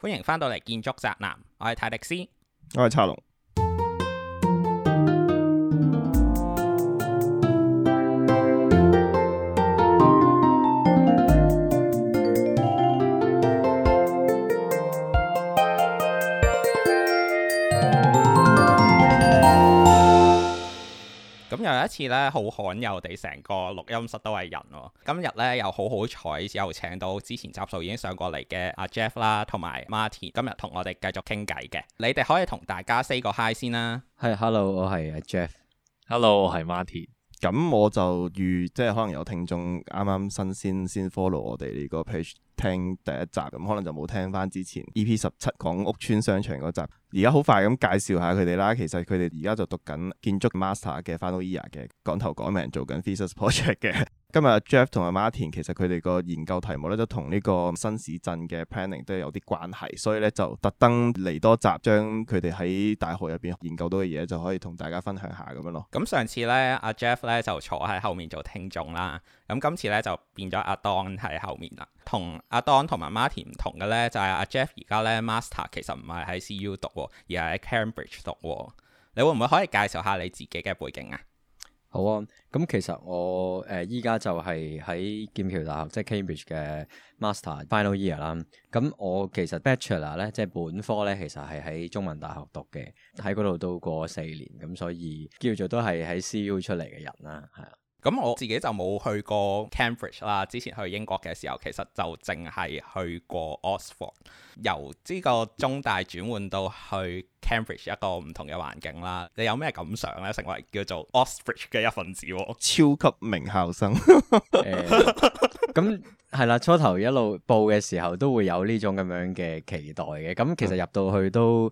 歡迎返到嚟《建築宅男》，我係泰迪斯，我係茶龍。咁有一次咧，好罕有地，成個錄音室都係人喎，啊。今日咧又好好彩，又，又請到之前集數已經上過嚟嘅阿 Jeff 啦，同埋 Martin。今日同我哋繼續傾偈嘅，你哋可以同大家 say 個 hi 先啦。係，hello，我係阿 Jeff。Hello，我係 Martin。咁我就預即係可能有聽眾啱啱新鮮先 follow 我哋呢個 page。 聽第一集咁，可能就冇聽返之前 E.P. 十七講屋村商場嗰集。而家好快咁介紹下佢哋啦。其實佢哋而家就讀緊建築 master 嘅 final year 嘅，趕 頭趕命做緊 thesis project 嘅。今日阿 Jeff 同阿 Martin 其實佢哋個研究題目咧都同呢個新市鎮嘅 planning 都有啲關係，所以咧就特登嚟多集將佢哋喺大學入邊研究到嘅嘢就可以同大家分享下咁樣咯。咁上次咧阿、啊、Jeff 咧就坐喺後面做聽眾啦，咁今次咧就變咗阿 Don 喺後面啦。阿 Don 同阿 Don 同埋 Martin 唔同嘅咧就係、是、阿、啊、Jeff 而家咧 master 其實唔係喺 CU 讀、哦，而係喺 Cambridge 讀、哦。你會唔會可以介紹下你自己嘅背景啊？好啊，咁其實我誒依家就係喺劍橋大學，即係 Cambridge 嘅 Master final year 啦。咁我其實 Bachelor 咧，即係本科咧，其實係喺中文大學讀嘅，喺嗰度度過四年，咁所以叫做都係喺 CU 出嚟嘅人啦，係啊。咁我自己就冇去過 Cambridge 啦，之前去英國嘅時候，其實就淨係去過 Oxford。由呢個中大轉換到去 Cambridge 一個唔同嘅環境啦，你有咩感想呢？成為叫做 Oxford 嘅一份子，超級名校生。咁係啦，初頭一路報嘅時候都會有呢種咁樣嘅期待嘅，咁其實入到去都。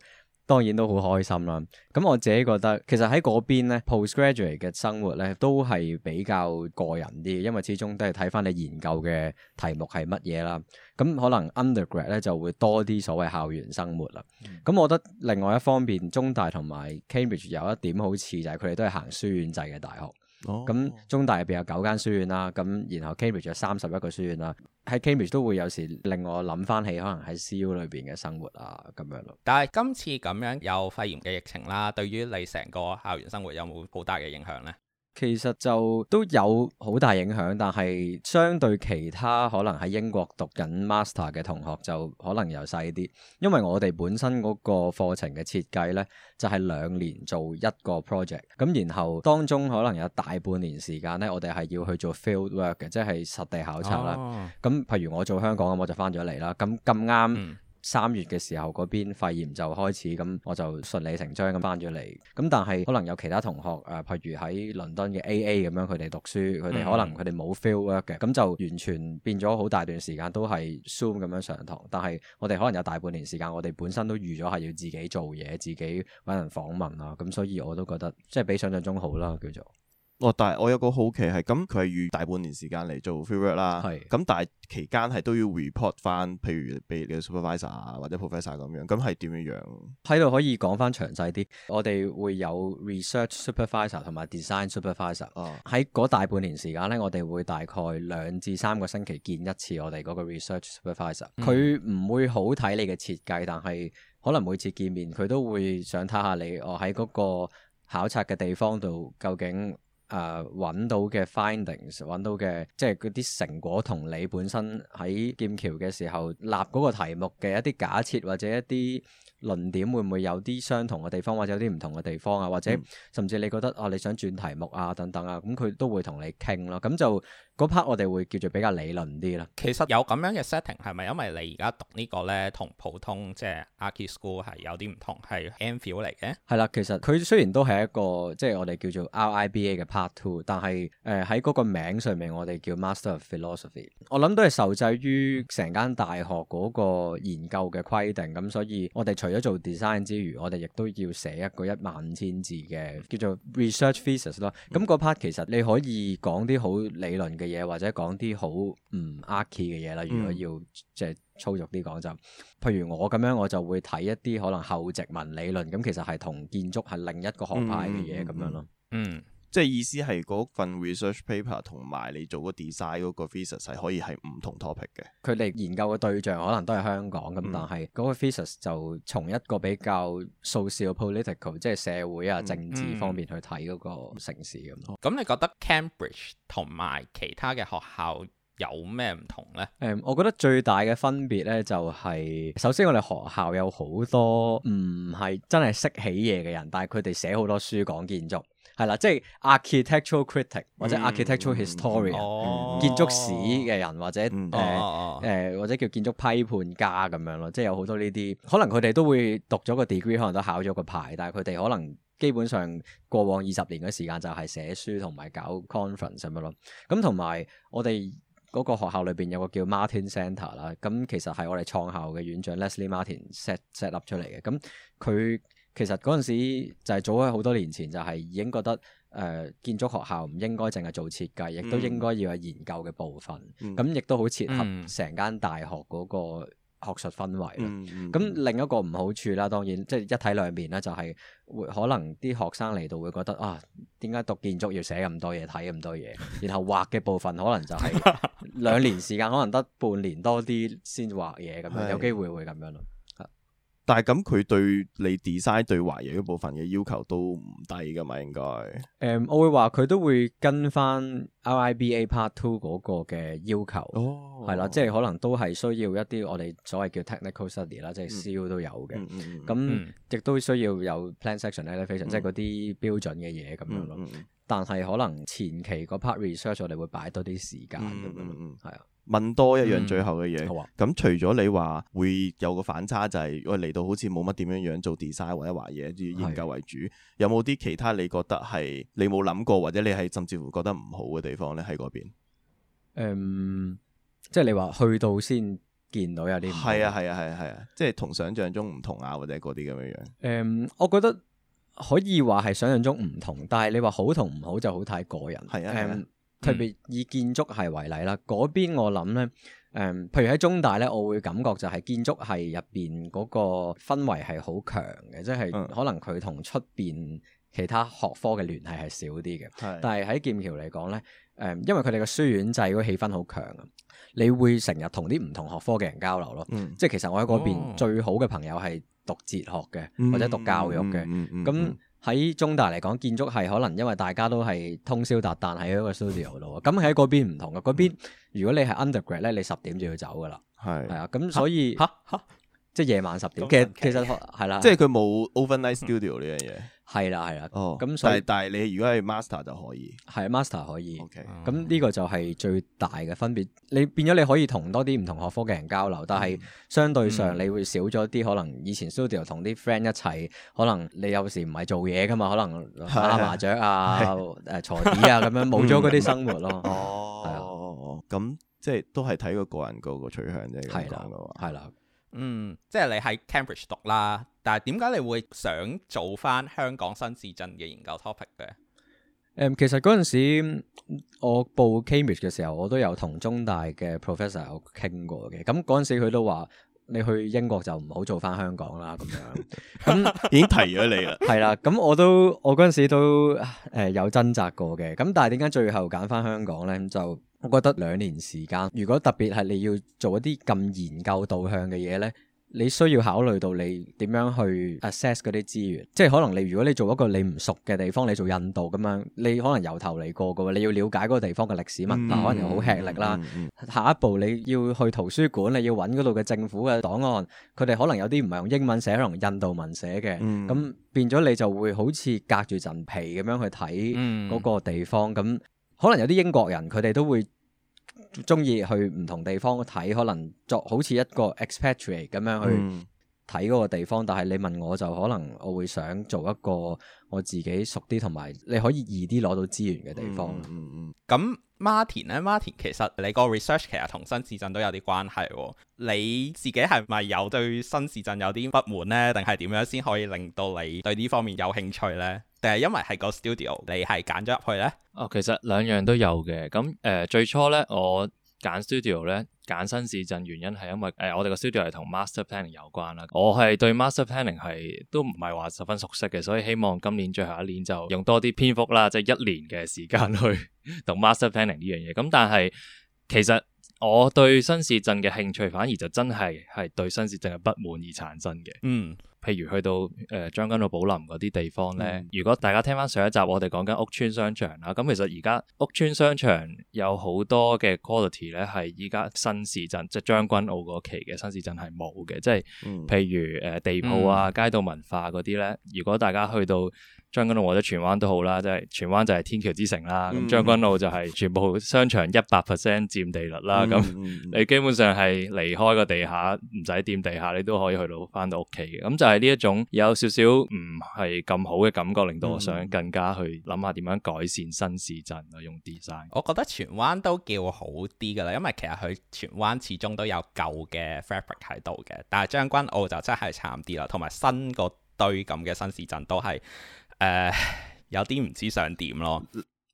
當然都好開心啦！咁我自己覺得，其實喺嗰邊呢，postgraduate 嘅生活呢都係比較個人啲，因為始終都係睇翻你研究嘅題目係乜嘢啦。咁可能 undergrad 呢就會多啲所謂校園生活啦。咁、嗯、我覺得另外一方面，中大同埋 Cambridge 有一點好似就係佢哋都係行書院制嘅大學。咁、哦、中大入邊有九間書院啦，咁然後 Cambridge 有三十一個書院啦。喺 Cambridge 都會有時令我諗翻起，可能喺 CU 裏邊嘅生活啊咁樣咯。但係今次咁樣有肺炎嘅疫情啦，對於你成個校園生活有冇好大嘅影響咧？其實就都有好大影響，但係相對其他可能喺英國讀緊 master 嘅同學就可能又細啲，因為我哋本身嗰個課程嘅設計呢，就係、是、兩年做一個 project，咁然後當中可能有大半年時間呢，我哋係要去做 field work 嘅，即係實地考察啦。咁、哦、譬如我做香港咁，我就返咗嚟啦。咁咁啱。三月嘅時候嗰邊肺炎就開始，咁我就順理成章咁返咗嚟。咁但係可能有其他同學誒、呃，譬如喺倫敦嘅 AA 咁樣，佢哋讀書，佢哋可能佢哋冇 feel work 嘅，咁就完全變咗好大段時間都係 Zoom 咁樣上堂。但係我哋可能有大半年時間，我哋本身都預咗係要自己做嘢，自己搵人訪問啊。咁所以我都覺得即係比想像中好啦，叫做。哦，但係我有個好奇係咁，佢係預大半年時間嚟做 research 啦是，係咁，但係期間係都要 report 翻，譬如俾你嘅 supervisor 啊或者 professor 咁樣，咁係點樣樣？喺度可以講翻詳細啲，我哋會有 research supervisor 同埋 design supervisor。哦，喺嗰大半年時間咧，我哋會大概兩至三個星期見一次我哋嗰個 research supervisor。佢唔、嗯、會好睇你嘅設計，但係可能每次見面佢都會想睇下你，哦喺嗰個考察嘅地方度究竟。啊！揾、uh, 到嘅 findings，揾到嘅即係嗰啲成果同你本身喺劍橋嘅時候立嗰個題目嘅一啲假設或者一啲論點，會唔會有啲相同嘅地方，或者有啲唔同嘅地方啊？或者甚至你覺得啊，你想轉題目啊等等啊，咁、嗯、佢、嗯嗯嗯嗯、都會同你傾咯。咁就。嗰 part 我哋會叫做比較理論啲啦。其實有咁樣嘅 setting 係咪因為你而家讀呢個咧，同普通即係 Architecture School 係有啲唔同，係 MPhil 嚟嘅？係啦，其實佢雖然都係一個即係我哋叫做 RIBA 嘅 Part Two，但係誒喺嗰個名上面，我哋叫 Master of Philosophy。我諗都係受制於成間大學個研究嘅規定，咁所以我哋除咗做 design 之餘我哋亦都要寫一個一萬五千字嘅叫做 Research Thesis 咯。咁嗰 part 其實你可以講啲好理論嘅。嘢或者講啲好唔 arch 嘅嘢啦，如果要即係粗俗啲講就，譬如我咁樣，我就會睇一啲可能後殖民理論，咁其實係同建築係另一個學派嘅嘢咁樣咯。嗯。嗯。嗯。即係意思係嗰份 research paper 同埋你做個 design 嗰個 thesis 係可以係唔同 topic 嘅。佢哋研究嘅對象可能都係香港咁，嗯、但係嗰個 thesis 就從一個比較 social political 即係社會啊政治方面去睇嗰個城市咁。咁、嗯嗯、你覺得 Cambridge 同埋其他嘅學校有咩唔同咧？誒，um, 我覺得最大嘅分別咧就係、是，首先我哋學校有好多唔係真係識起嘢嘅人，但係佢哋寫好多書講建築。係啦，即係 architectural critic 或者 architectural historian 建築史嘅人、嗯、或者誒誒、嗯呃、或者叫建築批判家咁樣咯，即係有好多呢啲，可能佢哋都會讀咗個 degree，可能都考咗個牌，但係佢哋可能基本上過往二十年嘅時間就係寫書同埋搞 conference 咁樣咯。咁同埋我哋嗰個學校裏邊有個叫 Martin Centre 啦，咁其實係我哋創校嘅院長 Leslie Martin set set up 出嚟嘅，咁佢。其實嗰陣時就係早喺好多年前就係已經覺得誒、呃、建築學校唔應該淨係做設計，亦都應該要有研究嘅部分。咁亦、嗯嗯、都好切合成間大學嗰個學術氛圍。咁、嗯嗯、另一個唔好處啦，當然即係、就是、一睇兩面一體兩面啦，就係、是、會可能啲學生嚟到會覺得啊，點解讀建築要寫咁多嘢睇咁多嘢？ 然後畫嘅部分可能就係兩年時間 可能得半年多啲先畫嘢咁，有機會會咁樣咯。但係咁，佢對你 design 對懷疑嗰部分嘅要求都唔低㗎嘛？應該，誒，我會話佢都會跟返 RIBA Part Two 嗰個嘅要求，係啦、哦，即係可能都係需要一啲我哋所謂叫 technical study 啦、嗯，即係 CU 都有嘅，咁亦都需要有 plan section elevation、嗯、即係嗰啲標準嘅嘢咁樣咯。嗯嗯、但係可能前期嗰 part research 我哋會擺多啲時間咁樣咯，啊、嗯。嗯嗯問多一樣最後嘅嘢，咁、嗯啊、除咗你話會有個反差、就係，就係我嚟到好似冇乜點樣樣做 design 或者話嘢，以研究為主，的有冇啲其他你覺得係你冇諗過，或者你係甚至乎覺得唔好嘅地方呢？喺嗰邊？即係你話去到先見到有啲，係啊，係啊，係啊，係啊，啊，即係同想象中唔同啊，或者嗰啲咁樣樣。誒、嗯，我覺得可以話係想象中唔同，但係你話好同唔好就好太個人。係啊。特別以建築系為例啦，嗰邊我諗咧，誒、嗯，譬如喺中大咧，我會感覺就係建築系入邊嗰個氛圍係好強嘅，即係可能佢同出邊其他學科嘅聯繫係少啲嘅。但係喺劍橋嚟講咧，誒、嗯，因為佢哋嘅書院制嗰氣氛好強啊，你會成日同啲唔同學科嘅人交流咯。嗯、即係其實我喺嗰邊最好嘅朋友係讀哲學嘅，嗯、或者讀教育嘅。咁、嗯嗯嗯嗯喺中大嚟講，建築係可能因為大家都係通宵達旦喺一個 studio 度喎。咁喺嗰邊唔同嘅，嗰、嗯、邊如果你係 undergrad 咧、er，你十點就要走噶啦。係係啊，咁所以嚇即係夜晚十點嘅。嗯、其實係啦，嗯、的即係佢冇 overnight studio 呢樣嘢。係啦，係啦。哦，咁但係但係你如果係 master 就可以，係 master 可以。OK，咁呢個就係最大嘅分別。你變咗你可以同多啲唔同學科嘅人交流，但係相對上你會少咗啲可能以前 studio 同啲 friend 一齊，可能你有時唔係做嘢噶嘛，可能打麻雀啊、誒、坐椅啊咁樣，冇咗嗰啲生活咯。哦，哦，哦，咁即係都係睇個個人個個取向啫，係啦，係啦。嗯，即係你喺 Cambridge 讀啦，但係點解你會想做翻香港新市鎮嘅研究 topic 嘅？誒，其實嗰陣時我報 Cambridge 嘅時候，我都有同中大嘅 professor 有傾過嘅。咁嗰陣時佢都話你去英國就唔好做翻香港啦，咁樣咁、 嗯、已經 提咗你啦。係啦， 咁我都我嗰陣時都誒有,有掙扎過嘅。咁但係點解最後揀翻香港咧？就。我覺得兩年時間，如果特別係你要做一啲咁研究導向嘅嘢呢，你需要考慮到你點樣去 assess 嗰啲資源，即係可能你如果你做一個你唔熟嘅地方，你做印度咁樣，你可能由頭嚟過噶，你要了解嗰個地方嘅歷史文化，嗯、可能好吃力啦。嗯嗯嗯、下一步你要去圖書館，你要揾嗰度嘅政府嘅檔案，佢哋可能有啲唔係用英文寫，用印度文寫嘅，咁、嗯嗯、變咗你就會好似隔住陣皮咁樣去睇嗰個地方咁。可能有啲英國人，佢哋都會鍾意去唔同地方睇，可能作好似一個 expatriate 咁樣去。嗯睇嗰個地方，但係你問我就可能我會想做一個我自己熟啲，同埋你可以易啲攞到資源嘅地方。嗯嗯。咁、嗯嗯、Mart Martin 呢 Martin 其實你個 research 其實同新市鎮都有啲關係。哦。你自己係咪有對新市鎮有啲不滿呢？定係點樣先可以令到你對呢方面有興趣呢？定係因為係個 studio 你係揀咗入去呢？哦，其實兩樣都有嘅。咁誒、呃，最初呢，我。揀 studio 咧，揀新市鎮原因係因為，誒、呃，我哋個 studio 係同 master planning 有關啦。我係對 master planning 係都唔係話十分熟悉嘅，所以希望今年最後一年就用多啲篇幅啦，即係一年嘅時間去讀 master planning 呢樣嘢。咁但係其實我對新市鎮嘅興趣，反而就真係係對新市鎮嘅不滿而產生嘅。嗯。譬如去到誒、呃、將軍澳寶林嗰啲地方咧，嗯、如果大家聽翻上，上一集我哋講緊屋村商場啦，咁、嗯、其實而家屋村商場有好多嘅 quality 咧，係依家新市鎮即係將軍澳嗰期嘅新市鎮係冇嘅，即係譬如誒、呃、地鋪啊、街道文化嗰啲咧，嗯、如果大家去到將軍澳或者荃灣都好啦，即係荃灣就係天橋之城啦。咁將、mm hmm. 軍澳就係全部商場一百 percent 占地率啦。咁、mm hmm. 你基本上係離開個地下唔使掂地下，你都可以去到翻到屋企嘅。咁就係呢一種有少少唔係咁好嘅感覺，令到我想更加去諗下點樣改善新市鎮啊，mm hmm. 用 design。我覺得荃灣都叫好啲噶啦，因為其實佢荃灣始終都有舊嘅 fabric 喺度嘅，但係將軍澳就真係慘啲啦，同埋新嗰堆咁嘅新市鎮都係。誒，uh, 有啲唔知想點咯，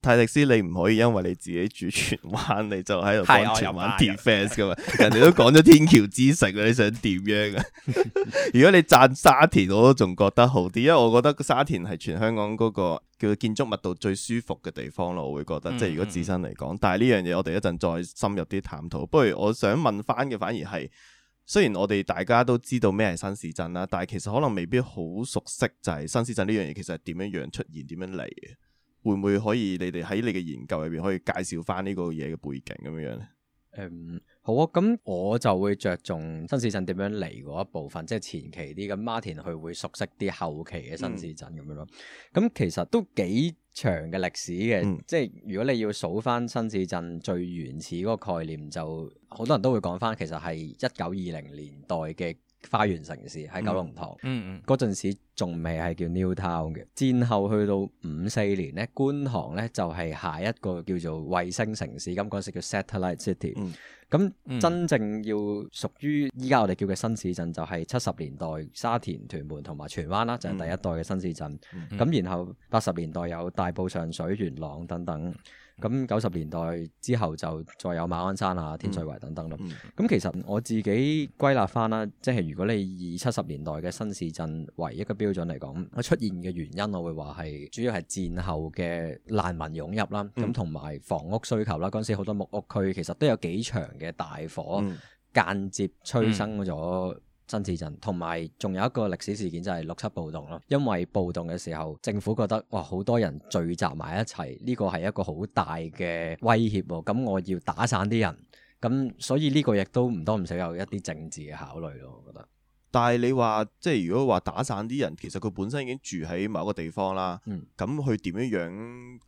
泰迪斯，你唔可以因為你自己住荃灣，你就喺度幫荃灣 defence 噶嘛？ 人哋都講咗天橋之城啦， 你想點樣啊？ 如果你讚沙田，我都仲覺得好啲，因為我覺得沙田係全香港嗰個叫建築物度最舒服嘅地方咯，我會覺得，嗯、即係如果自身嚟講，嗯、但係呢樣嘢我哋一陣再深入啲探討。不如我想問翻嘅，反而係。雖然我哋大家都知道咩係新市鎮啦，但係其實可能未必好熟悉，就係新市鎮呢樣嘢其實係點樣樣出現，點樣嚟嘅，會唔會可以你哋喺你嘅研究裏邊可以介紹翻呢個嘢嘅背景咁樣樣咧？嗯，好啊，咁我就會着重新市鎮點樣嚟嗰一部分，即係前期啲咁，Martin 佢會熟悉啲後期嘅新市鎮咁樣咯。咁，嗯，其實都幾。長嘅歷史嘅，嗯、即係如果你要數翻新市鎮最原始嗰個概念，就好多人都會講翻，其實係一九二零年代嘅花園城市喺九龍塘、嗯。嗯嗯，嗰陣時仲未係叫 New Town 嘅。戰後去到五四年咧，觀塘咧就係、是、下一個叫做衛星城市，咁嗰時叫 Satellite City、嗯。咁真正要屬於依家我哋叫嘅新市鎮，就係七十年代沙田、屯門同埋荃灣啦，就係、是、第一代嘅新市鎮。咁、嗯嗯嗯、然後八十年代有大埔、上水、元朗等等。咁九十年代之後就再有馬鞍山啊、天水圍等等咯。咁、嗯嗯、其實我自己歸納翻啦，即係如果你以七十年代嘅新市鎮為一,一個標準嚟講，出現嘅原因，我會話係主要係戰後嘅難民湧入啦，咁同埋房屋需求啦。嗰陣時好多木屋區其實都有幾場嘅大火，嗯嗯、間接催生咗。新市鎮，同埋仲有一個歷史事件就係六七暴動咯。因為暴動嘅時候，政府覺得哇，好多人聚集埋一齊，呢個係一個好大嘅威脅喎。咁我要打散啲人，咁所以呢個亦都唔多唔少有一啲政治嘅考慮咯。我覺得。但係你話即係如果話打散啲人，其實佢本身已經住喺某一個地方啦。咁佢點樣樣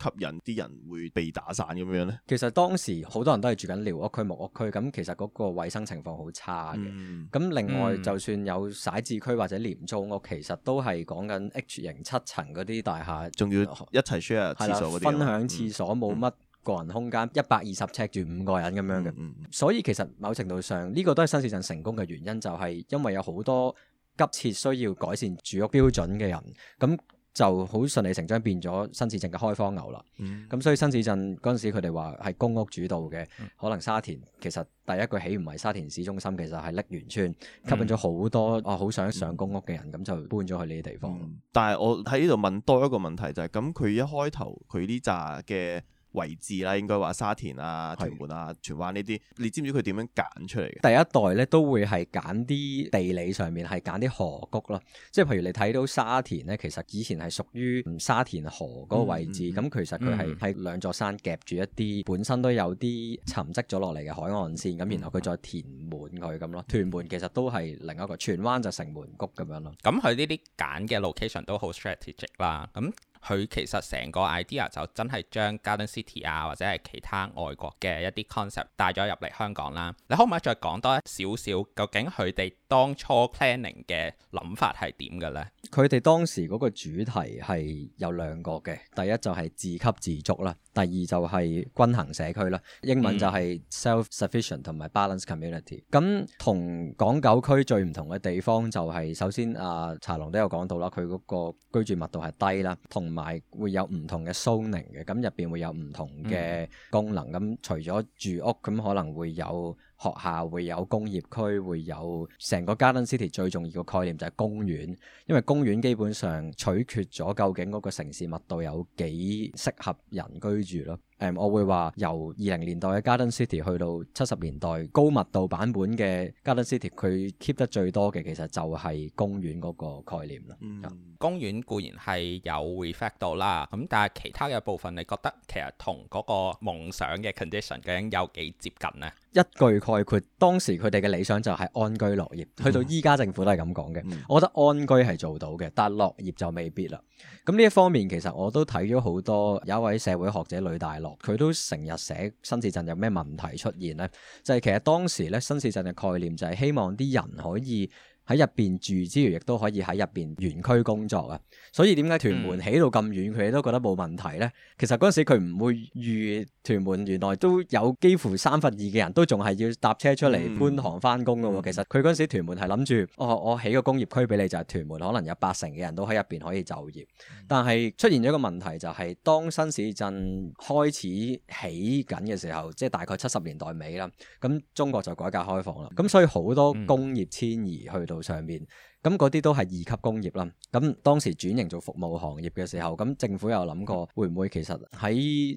吸引啲人會被打散咁樣呢？其實當時好多人都係住緊寮屋區、木屋區，咁其實嗰個衛生情況好差嘅。咁、嗯、另外，嗯、就算有徙置區或者廉租屋，其實都係講緊 H 型七層嗰啲大廈，仲要一齊 share 廁所嗰啲。分享廁所冇乜，嗯個人空間一百二十尺住五個人咁樣嘅，嗯嗯、所以其實某程度上呢、呢個都係新市鎮成功嘅原因，就係、係、因為有好多急切需要改善住屋標準嘅人，咁就好順理成章變咗新市鎮嘅開荒牛啦。咁、嗯、所以新市鎮嗰陣時佢哋話係公屋主導嘅，嗯、可能沙田其實第一個起唔係沙田市中心，其實係瀝源村，吸引咗好多、嗯、啊好想上公屋嘅人，咁、嗯、就搬咗去呢啲地方、嗯。但係我喺呢度問多一個問題就係、係，咁佢一開頭佢呢扎嘅。位置啦，應該話沙田啊、屯門啊、荃灣呢啲，你知唔知佢點樣揀出嚟嘅？第一代咧都會係揀啲地理上面係揀啲河谷咯，即係譬如你睇到沙田咧，其實以前係屬於沙田河嗰個位置，咁、嗯嗯、其實佢係喺兩座山夾住一啲、嗯、本身都有啲沉積咗落嚟嘅海岸線，咁然後佢再填滿佢咁咯。嗯、屯門其實都係另一個荃、嗯、灣就城門谷咁樣咯。咁佢呢啲揀嘅 location 都好 strategic 啦。咁、嗯嗯嗯嗯佢其實成個 idea 就真係將 Garden City 啊，或者係其他外國嘅一啲 concept 帶咗入嚟香港啦。你可唔可以再講多一少少？究竟佢哋當初 planning 嘅諗法係點嘅呢？佢哋當時嗰個主題係有兩個嘅，第一就係自給自足啦，第二就係均衡社區啦。英文就係 self-sufficient 同埋 balanced community。咁同、嗯、港九區最唔同嘅地方就係、是、首先啊，茶龍都有講到啦，佢嗰個居住密度係低啦，同同埋會有唔同嘅 zoning 嘅，咁入邊會有唔同嘅功能。咁除咗住屋，咁可能會有。學校會有工業區，會有成個 Garden City。最重要個概念就係、是、公園，因為公園基本上取決咗究竟嗰個城市密度有幾適合人居住咯。誒、嗯，我會話由二零年代嘅 Garden City 去到七十年代高密度版本嘅 Garden City，佢 keep 得最多嘅其實就係公園嗰個概念啦。嗯、Yeah. 公園固然係有 reflect 到啦，咁但係其他嘅部分，你覺得其實同嗰個夢想嘅 condition 究竟有幾接近呢？一句概括，當時佢哋嘅理想就係安居樂業，去到依家政府都係咁講嘅。我覺得安居係做到嘅，但係樂業就未必啦。咁呢一方面，其實我都睇咗好多有一位社會學者呂大樂，佢都成日寫新市鎮有咩問題出現呢？就係、是、其實當時咧新市鎮嘅概念就係希望啲人可以，喺入邊住之餘，亦都可以喺入邊園區工作啊！所以點解屯門起到咁遠，佢哋、嗯、都覺得冇問題呢？其實嗰陣時佢唔會預屯門原來都有幾乎三分二嘅人都仲係要搭車出嚟觀塘翻工。咯。嗯嗯、其實佢嗰陣時屯門係諗住，我我起個工業區俾你，就係、是、屯門可能有八成嘅人都喺入邊可以就業。但係出現咗個問題就係、是，當新市鎮開始起緊嘅時候，即、就、係、是、大概七十年代尾啦。咁中國就改革開放啦。咁所以好多工業遷移去到。上面咁嗰啲都係二級工業啦。咁當時轉型做服務行業嘅時候，咁政府又諗過會唔會其實喺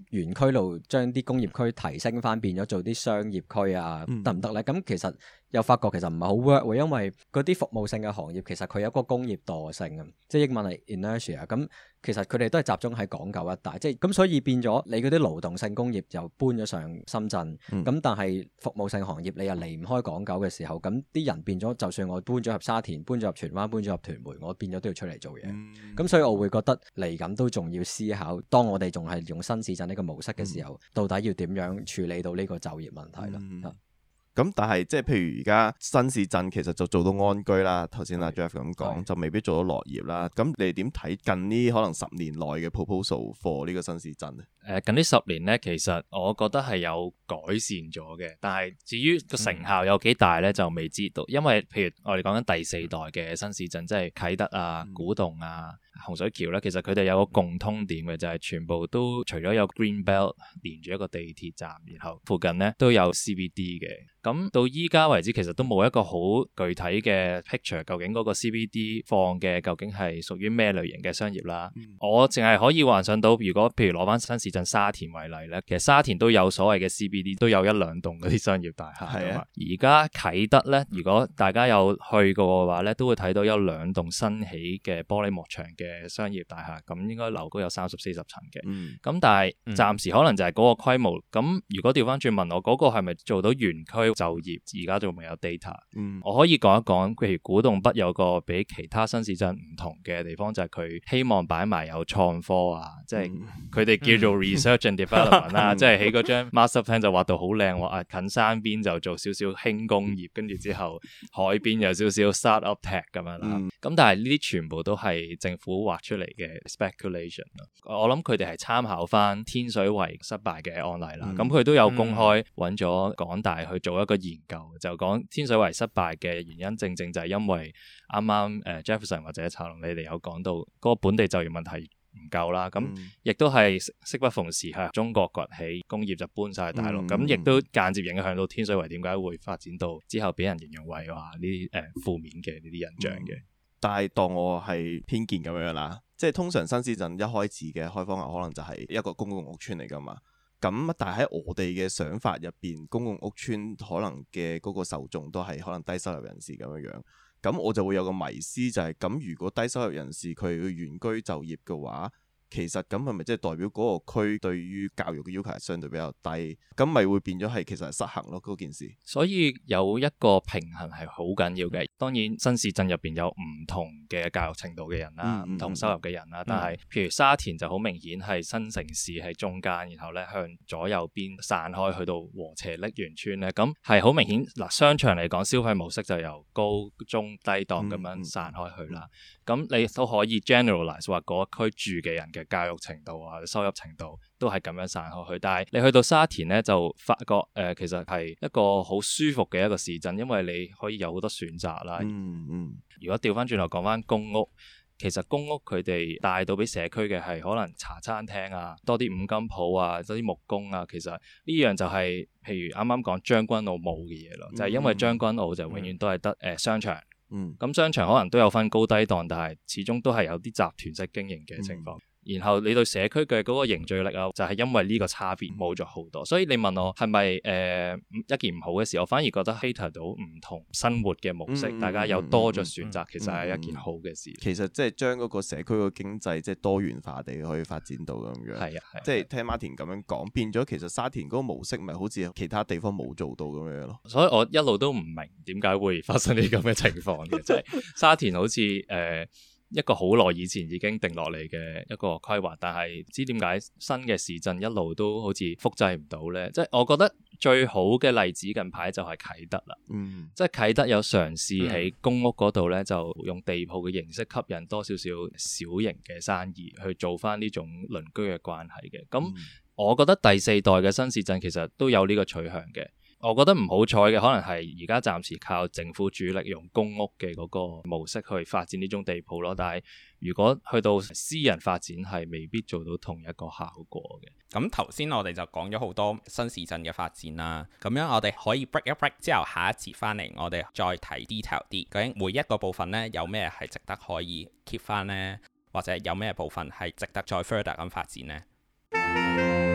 園區度將啲工業區提升翻，變咗做啲商業區啊，得唔得呢？咁其實。又發覺其實唔係好 work 因為嗰啲服務性嘅行業其實佢有一個工業惰性啊，即係英文係 inertia。咁其實佢哋都係集中喺港九一帶，即係咁，所以變咗你嗰啲勞動性工業就搬咗上深圳，咁、嗯、但係服務性行業你又離唔開港九嘅時候，咁啲人變咗，就算我搬咗入沙田，搬咗入荃灣，搬咗入屯門，我變咗都要出嚟做嘢。咁、嗯、所以我會覺得嚟緊都仲要思考，當我哋仲係用新市鎮呢個模式嘅時候，嗯、到底要點樣處理到呢個就業問題啦？嗯咁但係即係譬如而家新市鎮其實就做到安居啦，頭先阿 Jeff 咁講的就未必做到落業啦。咁的你點睇近呢可能十年內嘅 proposal for 呢個新市鎮咧？誒，近呢十年咧，其實我覺得係有改善咗嘅，但係至於個成效有幾大咧，嗯、就未知道。因為譬如我哋講緊第四代嘅新市鎮，即係啟德啊、古洞啊。嗯洪水橋咧，其實佢哋有個共通點嘅，就係、是、全部都除咗有 green belt 連住一個地鐵站，然後附近咧都有 CBD 嘅。咁到依家為止，其實都冇一個好具體嘅 picture，究竟嗰個 CBD 放嘅究竟係屬於咩類型嘅商業啦。嗯、我淨係可以幻想到，如果譬如攞翻新市鎮沙田為例咧，其實沙田都有所謂嘅 CBD，都有一兩棟嗰啲商業大廈。係而家啟德咧，如果大家有去過嘅話咧，都會睇到有兩棟新起嘅玻璃幕牆嘅。嘅商業大廈，咁應該樓高有三十四十層嘅，咁、嗯、但係暫時可能就係嗰個規模。咁如果調翻轉問我嗰、嗰個係咪做到園區就業，而家仲未有 data，、嗯、我可以講一講。譬如古洞北有個比其他新市鎮唔同嘅地方，就係、係、佢希望擺埋有創科啊，即係佢哋叫做 research and development 啦、嗯，即係喺嗰張 masterplan 就畫到好靚，話 近山邊就做少少輕工業，跟住之後海邊有少少 start up tech 咁樣啦。咁、嗯、但係呢啲全部都係政府。畫出嚟嘅 speculation，我諗佢哋係參考翻天水圍失敗嘅案例啦，咁佢、嗯、都有公開揾咗港大去做一個研究，就講天水圍失敗嘅原因，正正就係因為啱啱誒 Jefferson 或者茶龍你哋有講到嗰個本地就業問題唔夠啦，咁、嗯、亦、嗯嗯、都係適不逢時吓，中國崛起工業就搬晒大陸，咁亦、嗯嗯嗯、都間接影響到天水圍點解會發展到之後俾人形容為話呢啲誒負面嘅呢啲印象嘅。嗯但係當我係偏見咁樣啦，即係通常新市鎮一開始嘅開荒牛，可能就係一個公共屋邨嚟噶嘛。咁但係喺我哋嘅想法入邊，公共屋邨可能嘅嗰個受眾都係可能低收入人士咁樣樣。咁我就會有個迷思就係，咁如果低收入人士佢要原區就業嘅話。其實咁係咪即係代表嗰個區對於教育嘅要求係相對比較低？咁咪會變咗係其實係失衡咯嗰件事。所以有一個平衡係好緊要嘅。當然新市鎮入邊有唔同嘅教育程度嘅人啦，唔、嗯嗯嗯、同收入嘅人啦。但係譬如沙田就好明顯係新城市喺中間，然後咧向左右邊散開去到禾輋瀝源邨咧，咁係好明顯嗱。商場嚟講消費模式就由高中低檔咁樣散開去啦。咁、嗯嗯嗯、你都可以 generalize 話嗰區住嘅人，嘅教育程度啊，收入程度都係咁樣散開去，但係你去到沙田咧，就發覺誒、呃，其實係一個好舒服嘅一個市鎮，因為你可以有好多選擇啦、嗯。嗯嗯。如果調翻轉頭講翻公屋，其實公屋佢哋帶到俾社區嘅係可能茶餐廳啊，多啲五金鋪啊，多啲木工啊。其實呢樣就係譬如啱啱講將軍澳冇嘅嘢。咯，嗯嗯嗯、就係因為將軍澳就永遠都係得誒、呃、商場。咁、嗯、商場可能都有分高低檔，但係始終都係有啲集團式經營嘅情況。嗯然後你對社區嘅嗰個凝聚力啊，就係、是、因為呢個差別冇咗好多，所以你問我係咪誒一件唔好嘅事，我反而覺得 hater 到唔同生活嘅模式，嗯、大家有多咗選擇，嗯、其實係一件好嘅事。其實即係將嗰個社區嘅經濟即係、就是、多元化地去發展到咁樣，係啊，即係聽 Martin 咁樣講，變咗其實沙田嗰個模式咪好似其他地方冇做到咁樣咯。所以我一路都唔明點解會發生啲咁嘅情況嘅，即係 沙田好似誒。呃一個好耐以前已經定落嚟嘅一個規劃，但係唔知點解新嘅市鎮一路都好似複製唔到咧？即係我覺得最好嘅例子近排就係啟德啦，嗯，即係啟德有嘗試喺公屋嗰度咧，就用地鋪嘅形式吸引多少少小型嘅生意去做翻呢種鄰居嘅關係嘅。咁我覺得第四代嘅新市鎮其實都有呢個取向嘅。我覺得唔好彩嘅，可能係而家暫時靠政府主力用公屋嘅嗰個模式去發展呢種地鋪咯。但係如果去到私人發展，係未必做到同一個效果嘅。咁頭先我哋就講咗好多新市鎮嘅發展啦。咁樣我哋可以 break 一 break 之後下一節翻嚟，我哋再睇 detail 啲究竟每一個部分呢，有咩係值得可以 keep 翻呢？或者有咩部分係值得再 further 咁發展呢？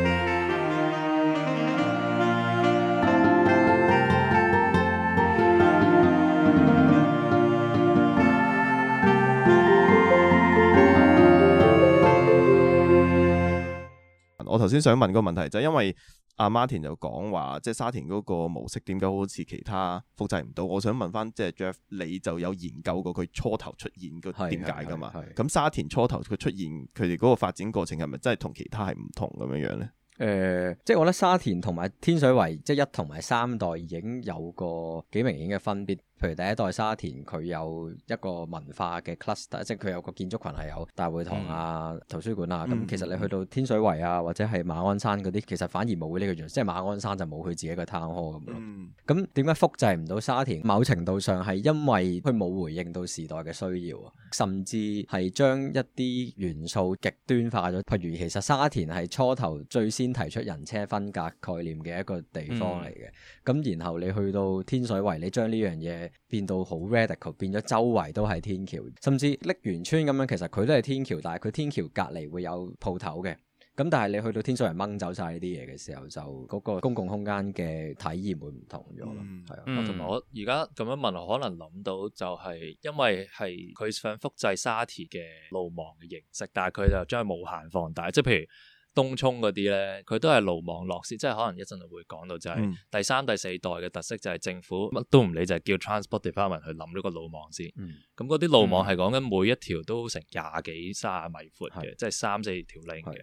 我頭先想問個問題，就係因為阿 Martin 就講話，即係沙田嗰個模式點解好似其他複製唔到？我想問翻，即係 Jeff，你就有研究過佢初頭出現個點解㗎嘛？咁是沙田初頭佢出現，佢哋嗰個發展過程係咪真係同其他係唔同咁樣樣咧？誒、呃，即係我覺得沙田同埋天水圍，即係一同埋三代已經有個幾明顯嘅分別。譬如第一代沙田，佢有一個文化嘅 cluster，即係佢有個建築群係有大會堂啊、嗯、圖書館啊。咁、嗯、其實你去到天水圍啊，或者係馬鞍山嗰啲，其實反而冇呢個樣，即係馬鞍山就冇佢自己嘅 town hall 咁咯。咁點解複製唔到沙田？某程度上係因為佢冇回應到時代嘅需要，啊，甚至係將一啲元素極端化咗。譬如其實沙田係初頭最先提出人車分隔概念嘅一個地方嚟嘅，咁、嗯、然後你去到天水圍，你將呢樣嘢。變到好 radical，變咗周圍都係天橋，甚至瀝源村咁樣，其實佢都係天橋，但係佢天橋隔離會有鋪頭嘅。咁但係你去到天水圍掹走晒呢啲嘢嘅時候，就嗰個公共空間嘅體驗會唔同咗咯。係、嗯、啊，同埋、嗯、我而家咁樣問，我可能諗到就係因為係佢想複製沙田嘅路網嘅形式，但係佢就將佢無限放大，即係譬如。東涌嗰啲咧，佢都係路網落先，即係可能一陣就會講到就係第三、第四代嘅特色就、嗯，就係政府乜都唔理，就係叫 transport department 去諗呢個路網先。嗯。咁啲路網係講緊每一條都成廿幾三十米闊嘅，的即係三四條零嘅，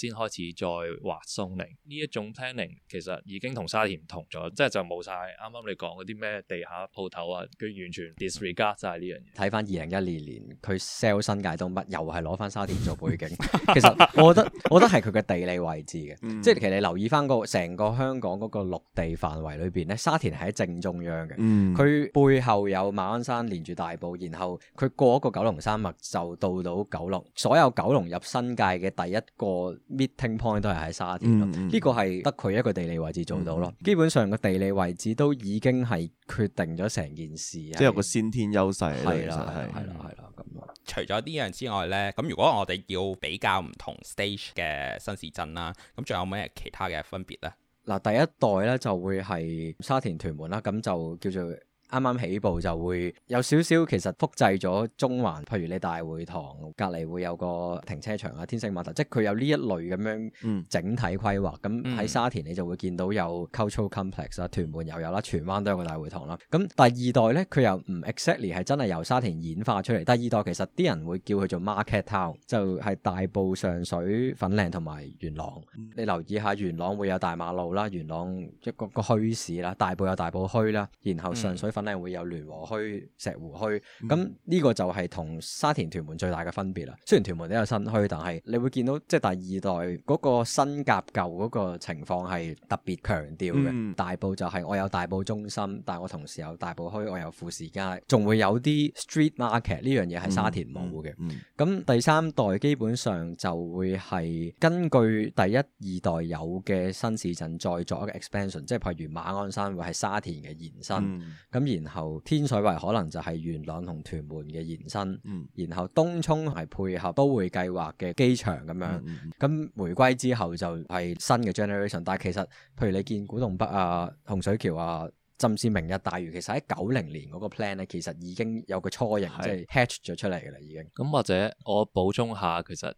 先的開始再畫鬆零。呢、嗯、一種 planning 其實已經同沙田唔同咗，即係就冇晒啱啱你講嗰啲咩地下鋪頭啊，佢完全 disregard 晒呢樣嘢。睇翻二零一二年佢 sell 新界東北，又係攞翻沙田做背景。 其實我覺得 我覺得係佢嘅地理位置嘅，嗯、即係其實你留意翻嗰成個香港嗰個陸地範圍裏邊咧，沙田係喺正中央嘅，佢、嗯、背後有馬鞍山連住大埔。然後佢過一個九龍山脈就到到九龍，所有九龍入新界嘅第一個 meeting point 都係喺沙田，呢個係得佢一個地理位置做到咯。基本上個地理位置都已經係決定咗成件事，嗯，嗯、是即係個先天優勢係啦，係啦，係啦。咁、嗯、除咗呢樣之外呢，咁如果我哋要比較唔同 stage 嘅新市鎮啦，咁仲有咩其他嘅分別呢？嗱，第一代呢就會係沙田屯門啦，咁就叫做。啱啱起步就會有少少，其實複製咗中環。譬如你大會堂隔離會有個停車場啊，天星碼頭，即係佢有呢一類咁樣整體規劃。咁喺、嗯、沙田你就會見到有 Cultural Complex 啊，屯門又有啦，荃灣都有個大會堂啦。咁第二代咧，佢又唔 exactly 係真係由沙田演化出嚟。第二代其實啲人會叫佢做 Market Town，就係大埔上水粉嶺同埋元朗。嗯、你留意下元朗會有大馬路啦，元朗一個一個墟市啦，大埔有大埔墟啦，然後上水。肯定會有聯和墟、石湖墟，咁呢、嗯、個就係同沙田屯門最大嘅分別啦。雖然屯門都有新墟，但係你會見到即係、就是、第二代嗰個新舊舊新夾舊嗰個情況係特別強調嘅。嗯、大埔就係我有大埔中心，但係我同時有大埔墟，我有富士街，仲會有啲 street market 呢樣嘢係沙田冇嘅。咁、嗯嗯、第三代基本上就會係根據第一二代有嘅新市鎮再作一個 expansion，即係譬如馬鞍山會係沙田嘅延伸咁。嗯嗯然後天水圍可能就係元朗同屯門嘅延伸，嗯、然後東涌係配合都會計劃嘅機場咁、嗯、樣，咁、嗯嗯、回歸之後就係新嘅 generation。但係其實，譬如你見古洞北啊、洪水橋啊、甚至明日大嶼，其實喺九零年嗰個 plan 咧，其實已經有個雛形，是即係 hatch 咗出嚟嘅啦，已經。咁或者我補充下，其實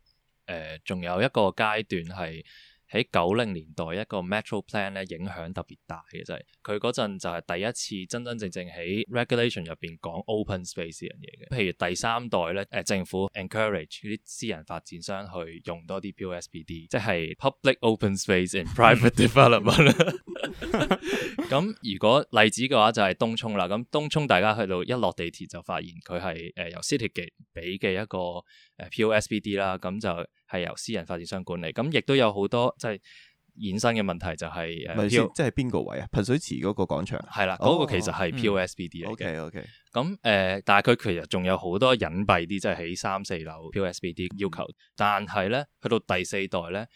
誒、仲、呃、有一個階段係。喺九零年代一個 metro plan 咧影響特別大嘅就係佢嗰陣就係第一次真真正正喺 regulation 入邊講 open space 呢樣嘢嘅，譬如第三代咧誒政府 encourage 啲私人發展商去用多啲 pospd，即係 public open space in private development 咁如果例子嘅話就係東涌啦，咁東涌大家去到一落地鐵就發現佢係誒由 citygate 俾嘅一個誒 pospd 啦，咁就。係由私人發展商管理，咁亦都有好多即係衍生嘅問題、就係，就係誒，啊、即係邊個位啊？噴水池嗰個廣場係啦，嗰的、哦、個其實係 POSPD O K O K。咁誒、嗯 okay, okay. 呃，但係佢其實仲有好多隱蔽啲，即係喺三四樓 POSPD 要求，嗯、但係咧去到第四代咧，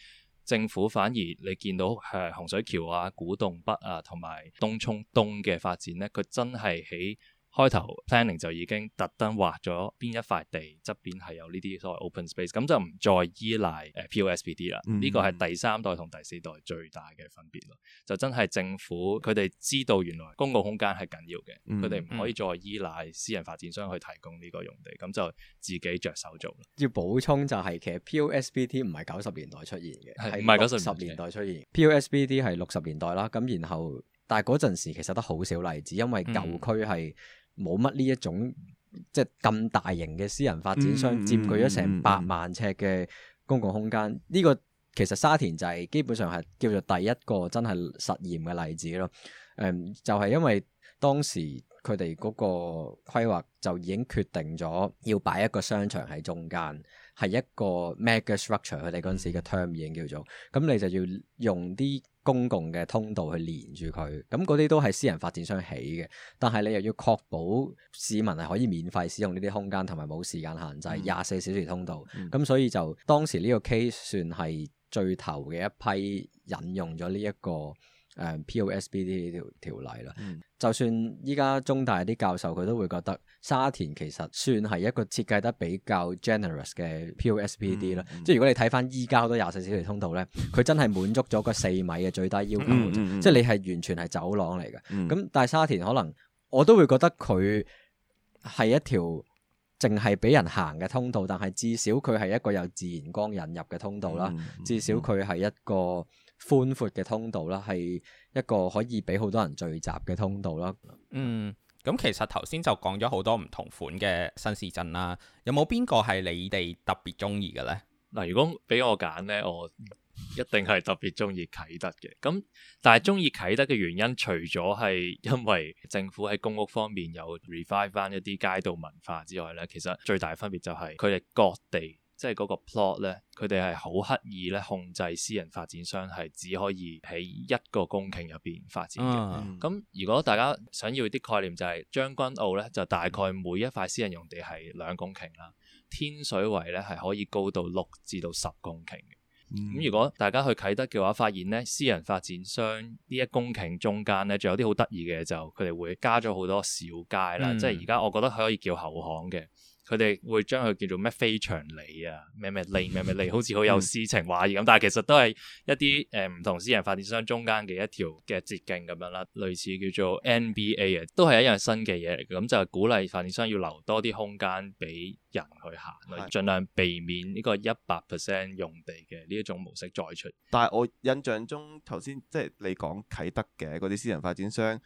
政府反而你見到誒洪水橋啊、古洞北啊同埋東涌東嘅發展咧，佢真係喺。開頭 planning 就已經特登畫咗邊一塊地側邊係有呢啲所謂 open space，咁就唔再依賴 posbd 啦。呢個係第三代同第四代最大嘅分別咯。就真係政府佢哋知道原來公共空間係緊要嘅，佢哋唔可以再依賴私人發展商去提供呢個用地，咁就自己着手做啦。要補充就係、係、其實 posbd 唔係九十年代出現嘅，係唔係九十年代出現？posbd 係六十年代啦。咁然後但係嗰陣時其實都好少例子，因為舊區係、嗯。冇乜呢一種即係咁大型嘅私人發展商佔據咗成百萬尺嘅公共空間呢、嗯嗯、個其實沙田就係基本上係叫做第一個真係實驗嘅例子咯。誒、嗯，就係、是、因為當時佢哋嗰個規劃就已經決定咗要擺一個商場喺中間，係一個 mega structure，佢哋嗰陣時嘅 term 已經叫做，咁、嗯、你就要用啲。公共嘅通道去連住佢，咁嗰啲都係私人發展商起嘅，但係你又要確保市民係可以免費使用呢啲空間同埋冇時間限制，廿四、嗯、小時通道。咁、嗯、所以就當時呢個 case 算係最頭嘅一批引用咗呢一個。誒，P.O.S.P.D. 條條例啦，嗯、就算依家中大啲教授佢都會覺得沙田其實算係一個設計得比較 generous 嘅 P.O.S.P.D.、嗯、啦，即係如果你睇翻依家好多廿四小時通道咧，佢真係滿足咗個四米嘅最低要求，嗯嗯嗯、即係你係完全係走廊嚟嘅。咁、嗯、但係沙田可能我都會覺得佢係一條淨係俾人行嘅通道，但係至少佢係一個有自然光引入嘅通道啦，至少佢係一個。寬闊嘅通道啦，係一個可以俾好多人聚集嘅通道啦。嗯，咁其實頭先就講咗好多唔同款嘅新市鎮啦，有冇邊個係你哋特別中意嘅呢？嗱，如果俾我揀呢，我一定係特別中意啟德嘅。咁但係中意啟德嘅原因，除咗係因為政府喺公屋方面有 refine 翻一啲街道文化之外呢，其實最大分別就係佢哋各地。即係嗰個 plot 咧，佢哋係好刻意咧控制私人發展商係只可以喺一個公頃入邊發展嘅。咁、啊、如果大家想要啲概念就係、是、將軍澳咧，就大概每一塊私人用地係兩公頃啦。天水圍咧係可以高到六至到十公頃嘅。咁、嗯、如果大家去啟德嘅話，發現咧私人發展商呢一公頃中間咧，仲有啲好得意嘅就佢、是、哋會加咗好多小街啦。嗯、即係而家我覺得佢可以叫後巷嘅。佢哋會將佢叫做咩非常理啊，咩咩利，咩咩利，好似好有詩情畫意咁，但係其實都係一啲誒唔同私人發展商中間嘅一條嘅捷徑咁樣啦，類似叫做 NBA 啊，都係一樣新嘅嘢嚟，咁就係鼓勵發展商要留多啲空間俾人去行，的盡量避免呢個一百 percent 用地嘅呢一種模式再出。但係我印象中頭先即係你講啟德嘅嗰啲私人發展商。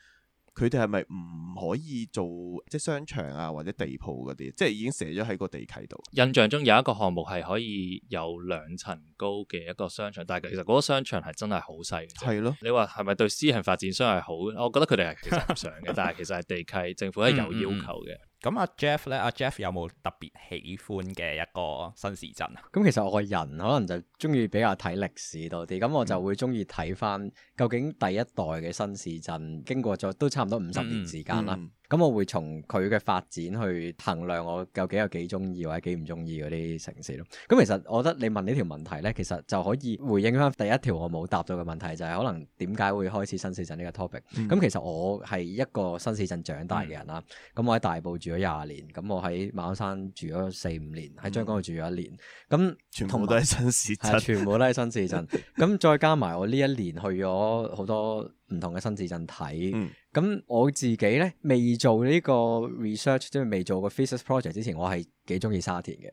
佢哋係咪唔可以做即係商場啊，或者地鋪嗰啲？即係已經寫咗喺個地契度。印象中有一個項目係可以有兩層高嘅一個商場，但係其實嗰個商場係真係好細嘅啫。係咯的，你話係咪對私人發展商係好？我覺得佢哋係接受唔上嘅，但係其實， 其實係地契政府係有要求嘅。嗯。咁阿、啊、Jeff 咧，阿、啊、Jeff 有冇特別喜歡嘅一個新市鎮啊？咁其實我個人可能就中意比較睇歷史多啲，咁我就會中意睇翻究竟第一代嘅新市鎮經過咗都差唔多五十年時間啦。嗯嗯咁我會從佢嘅發展去衡量我究竟有幾中意或者幾唔中意嗰啲城市咯。咁其實我覺得你問呢條問題呢，其實就可以回應翻第一條我冇答到嘅問題，就係、是、可能點解會開始新市鎮呢個 topic。咁、嗯、其實我係一個新市鎮長大嘅人啦。咁、嗯、我喺大埔住咗廿年，咁我喺馬鞍山住咗四五年，喺將軍澳住咗一年。咁全部都係新市鎮，全部都係新市鎮。咁 再加埋我呢一年去咗好多唔同嘅新市鎮睇。嗯咁我自己咧未做呢個 research，即係未做過 physics project 之前，我係幾中意沙田嘅。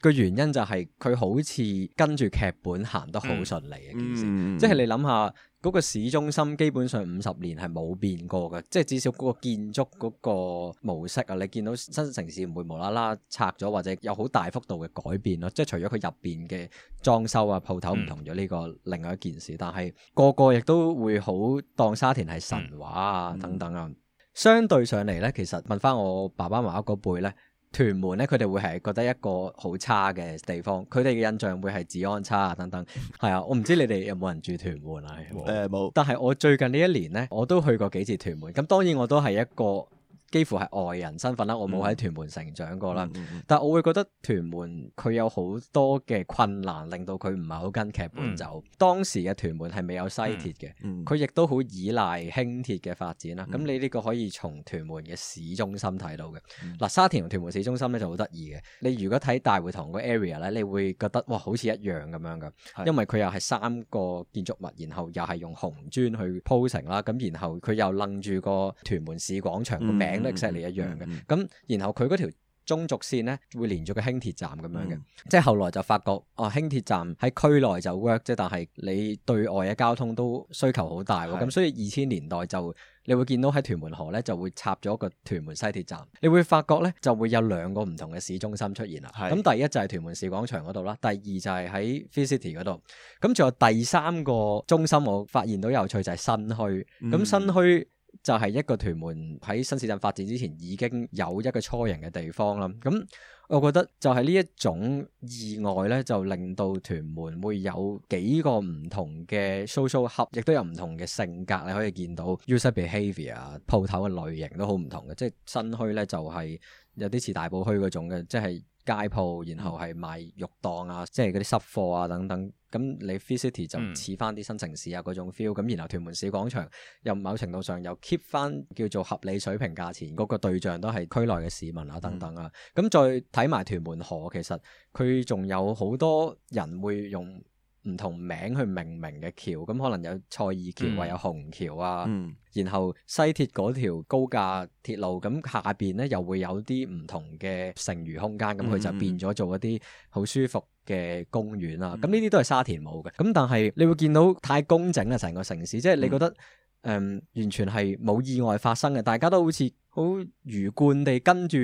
個、嗯、原因就係、是、佢好似跟住劇本行得好順利嘅件事，即係你諗下。嗰個市中心基本上五十年係冇變過嘅，即係至少嗰個建築嗰個模式啊，你見到新城市唔會無啦啦拆咗或者有好大幅度嘅改變咯，即係除咗佢入邊嘅裝修啊鋪頭唔同咗呢、嗯、個另外一件事，但係個個亦都會好當沙田係神話啊等等啊，嗯嗯、相對上嚟呢，其實問翻我爸爸媽媽嗰輩呢。屯門咧，佢哋會係覺得一個好差嘅地方，佢哋嘅印象會係治安差啊等等。係啊， 我唔知你哋有冇人住屯門啊？誒冇。欸、但係我最近呢一年咧，我都去過幾次屯門。咁當然我都係一個。幾乎係外人身份啦，我冇喺屯門成長過啦，嗯嗯嗯、但係我會覺得屯門佢有好多嘅困難，令到佢唔係好跟劇本走。嗯、當時嘅屯門係未有西鐵嘅，佢、嗯嗯、亦都好依賴輕鐵嘅發展啦。咁、嗯、你呢個可以從屯門嘅市中心睇到嘅。嗱、嗯啊，沙田同屯門市中心咧就好得意嘅。你如果睇大會堂個 area 咧，你會覺得哇，好似一樣咁樣㗎，因為佢又係三個建築物，然後又係用紅磚去鋪成啦。咁然後佢又拎住個屯門市廣場個名。嗯叻石嚟一樣嘅，咁、嗯嗯嗯、然後佢嗰條中軸線呢，會連住個輕鐵站咁樣嘅，嗯、即係後來就發覺哦輕鐵站喺區內就 work，即但係你對外嘅交通都需求好大喎，咁是所以二千年代就你會見到喺屯門河呢，就會插咗個屯門西鐵站，你會發覺呢，就會有兩個唔同嘅市中心出現啦。咁是第一就係屯門市廣場嗰度啦，第二就係喺 V City 嗰度。咁仲有第三個中心，我發現到有趣就係新墟。咁、嗯嗯、新墟。就係一個屯門喺新市鎮發展之前已經有一個雛形嘅地方啦。咁我覺得就係呢一種意外咧，就令到屯門會有幾個唔同嘅 social hub，亦都有唔同嘅性格，你可以見到 user behavior，啊，鋪頭嘅類型都好唔同嘅。即係新墟咧就係、是、有啲似大埔墟嗰種嘅，即係街鋪，然後係賣肉檔啊，即係嗰啲濕貨啊等等。咁你 V City 就似翻啲新城市啊嗰種 feel，咁然後屯門市廣場又某程度上又 keep 翻叫做合理水平價錢，個、嗰個對象都係區內嘅市民啊等等啊，咁、嗯、再睇埋屯門河，其實佢仲有好多人會用。唔同名去命名嘅橋，咁可能有蔡爾橋，或有紅橋啊。嗯、然後西鐵嗰條高架鐵路，咁下邊呢又會有啲唔同嘅剩餘空間，咁佢就變咗做一啲好舒服嘅公園啊。咁呢啲都係沙田冇嘅。咁但係你會見到太工整啦，成個城市，即係你覺得誒、嗯嗯、完全係冇意外發生嘅，大家都好似好魚貫地跟住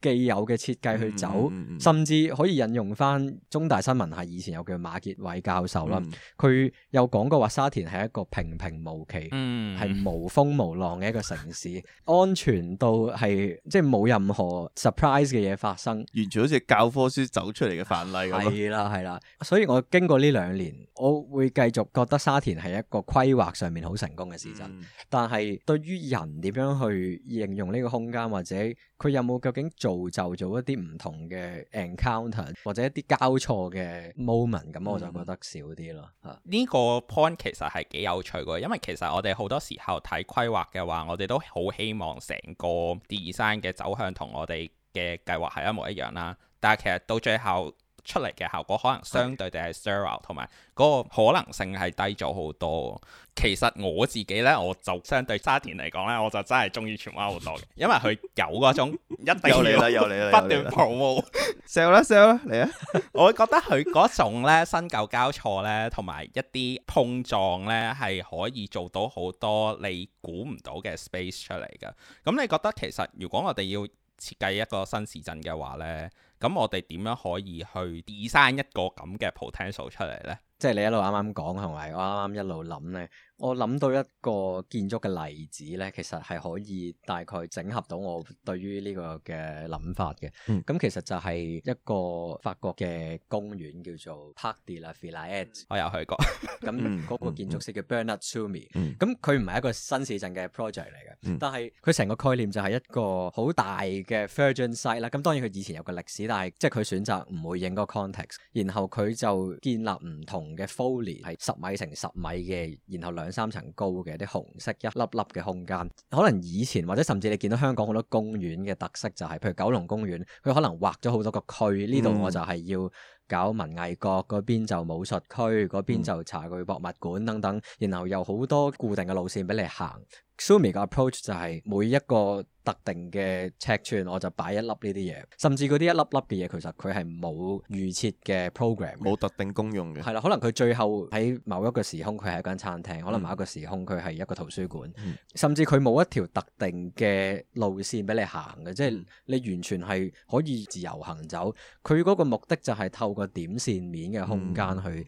既有嘅設計去走，嗯嗯、甚至可以引用翻中大新聞系以前有叫馬傑偉教授啦，佢有講過話沙田係一個平平無奇，係、嗯、無風無浪嘅一個城市，嗯、安全到係即係冇任何 surprise 嘅嘢發生，完全好似教科書走出嚟嘅範例咁咯，係啦係啦，所以我經過呢兩年，我會繼續覺得沙田係一個規劃上面好成功嘅事跡，嗯、但係對於人點樣去應用呢個空間，或者佢有冇究竟步就做一啲唔同嘅 encounter，或者一啲交錯嘅 moment，咁、嗯、我就覺得少啲咯。嚇、嗯，呢、啊、個 point 其實係幾有趣喎，因為其實我哋好多時候睇規劃嘅話，我哋都好希望成個 design 嘅走向同我哋嘅計劃係一模一樣啦。但係其實到最後。出嚟嘅效果可能相對地係 sterile，同埋嗰個可能性係低咗好多。其實我自己呢，我就相對沙田嚟講呢，我就真係中意荃灣好多嘅。 因為佢有嗰種一定 有你啦，不斷 promote，sell 啦，sell 啦，你啊！ 我覺得佢嗰種呢新舊交錯呢，同埋一啲碰撞呢，係可以做到好多你估唔到嘅 space 出嚟噶。咁你覺得其實如果我哋要設計一個新市鎮嘅話呢？咁我哋點樣可以去 design 一個咁嘅 potential 出嚟呢？即係你一路啱啱講同埋我啱啱一路諗咧，我諗到一個建築嘅例子咧，其實係可以大概整合到我對於呢個嘅諗法嘅。咁、嗯、其實就係一個法國嘅公園叫做 Parc de la Villette，嗯、我有去過，咁個建築師叫 Bernard Tschumi，咁佢唔係一個新市鎮嘅 project 嚟嘅，但係佢成個概念就係一個好大嘅 virgin site 啦。咁當然佢以前有個歷史，但係即係佢選擇唔會影個 context，然後佢就建立唔同。嘅 folly 係十米乘十米嘅，然後兩三層高嘅啲紅色一粒粒嘅空間，可能以前或者甚至你見到香港好多公園嘅特色就係、是，譬如九龍公園，佢可能劃咗好多個區，呢度我就係要搞文藝角，嗰邊就武術區，嗰邊就茶具博物館等等，然後有好多固定嘅路線俾你行。Sumi 嘅 approach 就係每一個特定嘅尺寸，我就擺一粒呢啲嘢，甚至嗰啲一粒粒嘅嘢，其實佢係冇預設嘅 program，冇特定功用嘅。係啦，可能佢最後喺某一個時空，佢係一間餐廳；可能某一個時空，佢係一個圖書館，嗯、甚至佢冇一條特定嘅路線俾你行嘅，即係你完全係可以自由行走。佢嗰個目的就係透過點線面嘅空間去、嗯。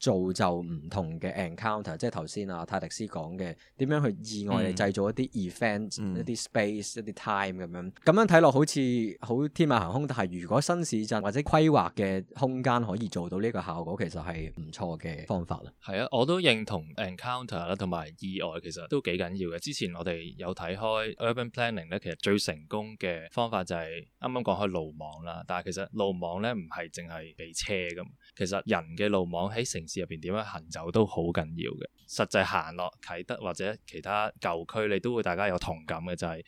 造就唔同嘅 encounter，即係頭先阿泰迪斯講嘅點樣去意外地製造一啲 event、嗯、一啲 space、一啲 time 咁樣，咁樣睇落好似好天馬行空。但係如果新市鎮或者規劃嘅空間可以做到呢個效果，其實係唔錯嘅方法啦。係啊，我都認同 encounter 啦，同埋意外其實都幾緊要嘅。之前我哋有睇開 urban planning 咧，其實最成功嘅方法就係啱啱講開路網啦。但係其實路網咧，唔係淨係俾車咁。.其實人嘅路網喺城市入邊點樣行走，走都好緊要嘅。實際行落啟德或者其他舊區，你都會大家有同感嘅就係、是、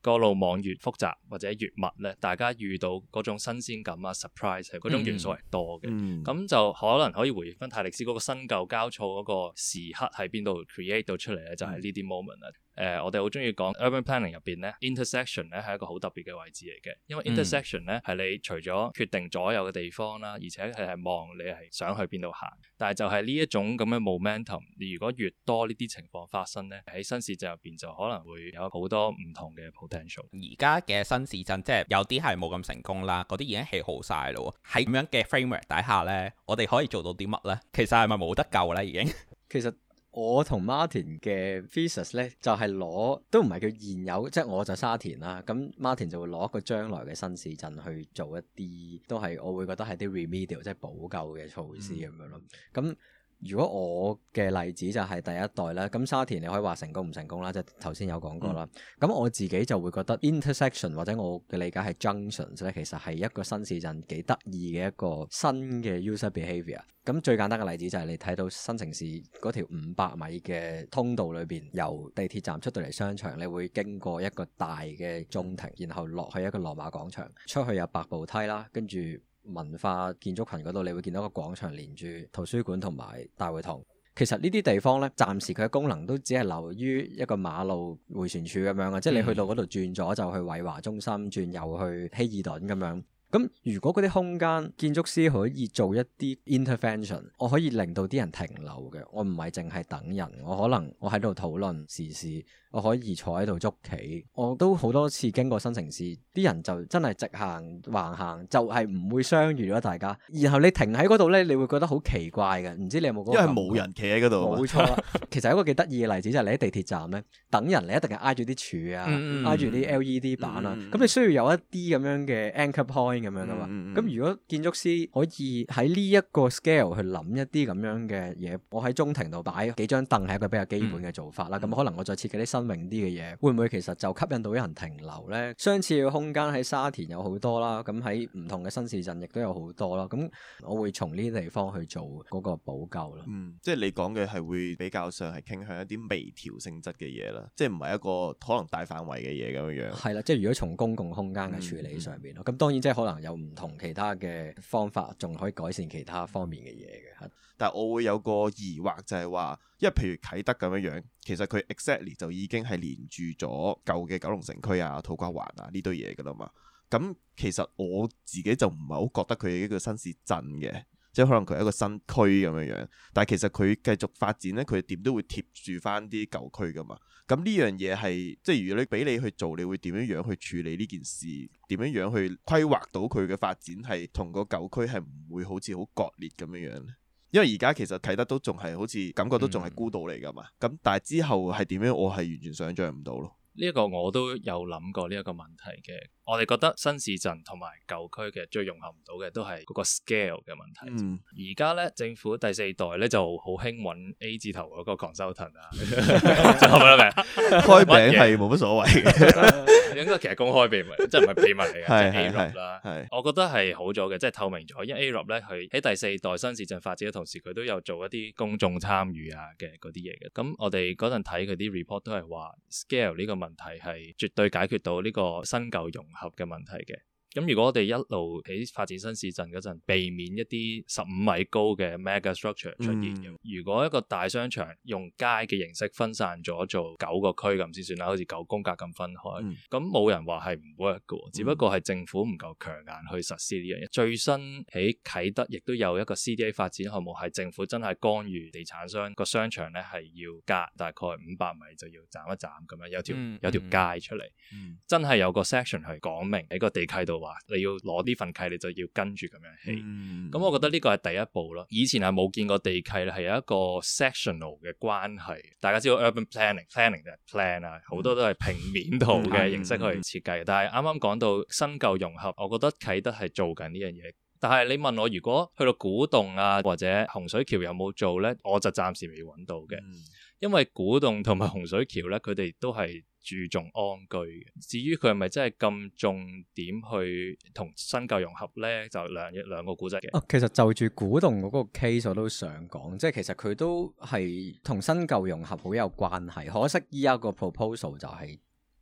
個路網越複雜或者越密咧，大家遇到嗰種新鮮感啊、surprise 係嗰種元素係多嘅。咁、嗯嗯、就可能可以回翻睇歷史嗰、那個新舊交錯嗰個時刻喺邊度 create 到出嚟咧，嗯、就係呢啲 moment 啦。誒、呃，我哋好中意講 urban planning 入邊咧，intersection 咧係一個好特別嘅位置嚟嘅，因為 intersection 咧係、嗯、你除咗決定左右嘅地方啦，而且係望你係想去邊度行。但係就係呢一種咁嘅 momentum，如果越多呢啲情況發生咧，喺新市鎮入邊就可能會有好多唔同嘅 potential。而家嘅新市鎮即係有啲係冇咁成功啦，嗰啲已經起好晒啦喎。喺咁樣嘅 framework 底下咧，我哋可以做到啲乜咧？其實係咪冇得救啦？已經？其實。我同 Martin 嘅 thesis 呢，就係、是、攞都唔係叫現有，即係我就沙田啦，咁 Martin 就會攞一個將來嘅新市鎮去做一啲，都係我會覺得係啲 remedial 即係補救嘅措施咁樣咯，咁、嗯。如果我嘅例子就係第一代啦，咁沙田你可以話成功唔成功啦，即係頭先有講過啦。咁、嗯、我自己就會覺得 intersection 或者我嘅理解係 junctions 咧，其實係一個新市鎮幾得意嘅一個新嘅 user behaviour。咁最簡單嘅例子就係你睇到新城市嗰條五百米嘅通道裏邊，由地鐵站出到嚟商場，你會經過一個大嘅中庭，然後落去一個羅馬廣場，出去有百步梯啦，跟住。文化建築群嗰度，你會見到一個廣場連住圖書館同埋大會堂。其實呢啲地方呢，暫時佢嘅功能都只係留於一個馬路迴旋處咁樣嘅，嗯、即係你去到嗰度轉左就去偉華中心，轉右去希爾頓咁樣。咁如果嗰啲空間建築師可以做一啲 intervention，我可以令到啲人停留嘅，我唔係淨係等人，我可能我喺度討論時事。我可以坐喺度捉棋，我都好多次經過新城市，啲人就真係直行橫行，就係、是、唔會相遇咗大家。然後你停喺嗰度咧，你會覺得好奇怪嘅，唔知你有冇、那個？因為冇人企喺嗰度啊！冇錯錯， 其實一個幾得意嘅例子就係、是、你喺地鐵站咧，等人你一定係挨住啲柱啊，嗯、挨住啲 L E D 板啊，咁、嗯、你需要有一啲咁樣嘅 anchor point 咁樣噶嘛。咁如果建築師可以喺呢一個 scale 去諗一啲咁樣嘅嘢，我喺中庭度擺幾張凳係一個比較基本嘅做法啦。咁、嗯嗯、可能我再設計啲新。明啲嘅嘢，會唔會其實就吸引到人停留咧？相似嘅空間喺沙田有好多啦，咁喺唔同嘅新市鎮亦都有好多啦。咁我會從呢啲地方去做嗰個補救咯。嗯，即係你講嘅係會比較上係傾向一啲微調性質嘅嘢啦，即係唔係一個可能大範圍嘅嘢咁樣樣，係啦，即係如果從公共空間嘅處理上面咯，咁、嗯嗯、當然即係可能有唔同其他嘅方法，仲可以改善其他方面嘅嘢嘅。吓、嗯，但係我會有個疑惑就係、是、話。因為譬如啟德咁樣樣，其實佢 exactly 就已經係連住咗舊嘅九龍城區啊、土瓜灣啊呢堆嘢噶啦嘛。咁、嗯、其實我自己就唔係好覺得佢係一個新市鎮嘅，即係可能佢係一個新區咁樣樣。但係其實佢繼續發展咧，佢點都會貼住翻啲舊區噶嘛。咁、嗯、呢樣嘢係即係如果你俾你去做，你會點樣樣去處理呢件事？點樣樣去規劃到佢嘅發展係同個舊區係唔會好似好割裂咁樣樣咧？因為而家其實啟德都仲係好似感覺都仲係孤島嚟㗎嘛，咁、嗯、但係之後係點樣，我係完全想像唔到咯。呢一個我都有諗過呢一個問題嘅。我哋覺得新市鎮同埋舊區嘅最融合唔到嘅都係嗰個 scale 嘅問題而，而家咧政府第四代咧就好興揾 A 字頭嗰個 consultant 啊，就係咪啊？開餅係冇乜所謂嘅， 應該其實公開秘密，即係唔係秘密嚟嘅。係係係，是是是，我覺得係好咗嘅，即係透明咗。因為 Arup 咧，佢喺第四代新市鎮發展嘅同時，佢都有做一啲公眾參與啊嘅嗰啲嘢嘅。咁我哋嗰陣睇佢啲 report 都係話 scale 呢個問題係絕對解決到呢個新舊融合嘅問題嘅。咁如果我哋一路喺發展新市鎮嗰陣，避免一啲十五米高嘅 mega structure 出現嘅。嗯、如果一個大商場用街嘅形式分散咗做九個區咁先算啦，好似九宮格咁分開。咁冇、嗯、人話係唔 work 嘅，只不過係政府唔夠強硬去實施呢樣嘢。嗯、最新喺啟德亦都有一個 CDA 發展項目，係政府真係干預地產商個商場咧，係要隔大概五百米就要斬一斬咁樣，有條、嗯、有條街出嚟，嗯嗯、真係有個 section 係講明喺個地契度。你要攞呢份契，你就要跟住咁樣起。咁、嗯嗯、我覺得呢個係第一步咯。以前係冇見過地契咧，係有一個 sectional 嘅關係。大家知道 urban planning，planning 就 plan 啊，好多都係平面圖嘅形式去設計。嗯嗯嗯嗯、但係啱啱講到新舊融合，我覺得啟德係做緊呢樣嘢。但係你問我如果去到古洞啊或者洪水橋有冇做呢？我就暫時未揾到嘅。嗯因為古洞同埋洪水橋咧，佢哋都係注重安居嘅。至於佢係咪真係咁重點去同新舊融合咧，就兩兩個古仔嘅。哦、啊，其實就住古洞嗰個 case 我都想講，即係其實佢都係同新舊融合好有關係。可惜依家個 proposal 就係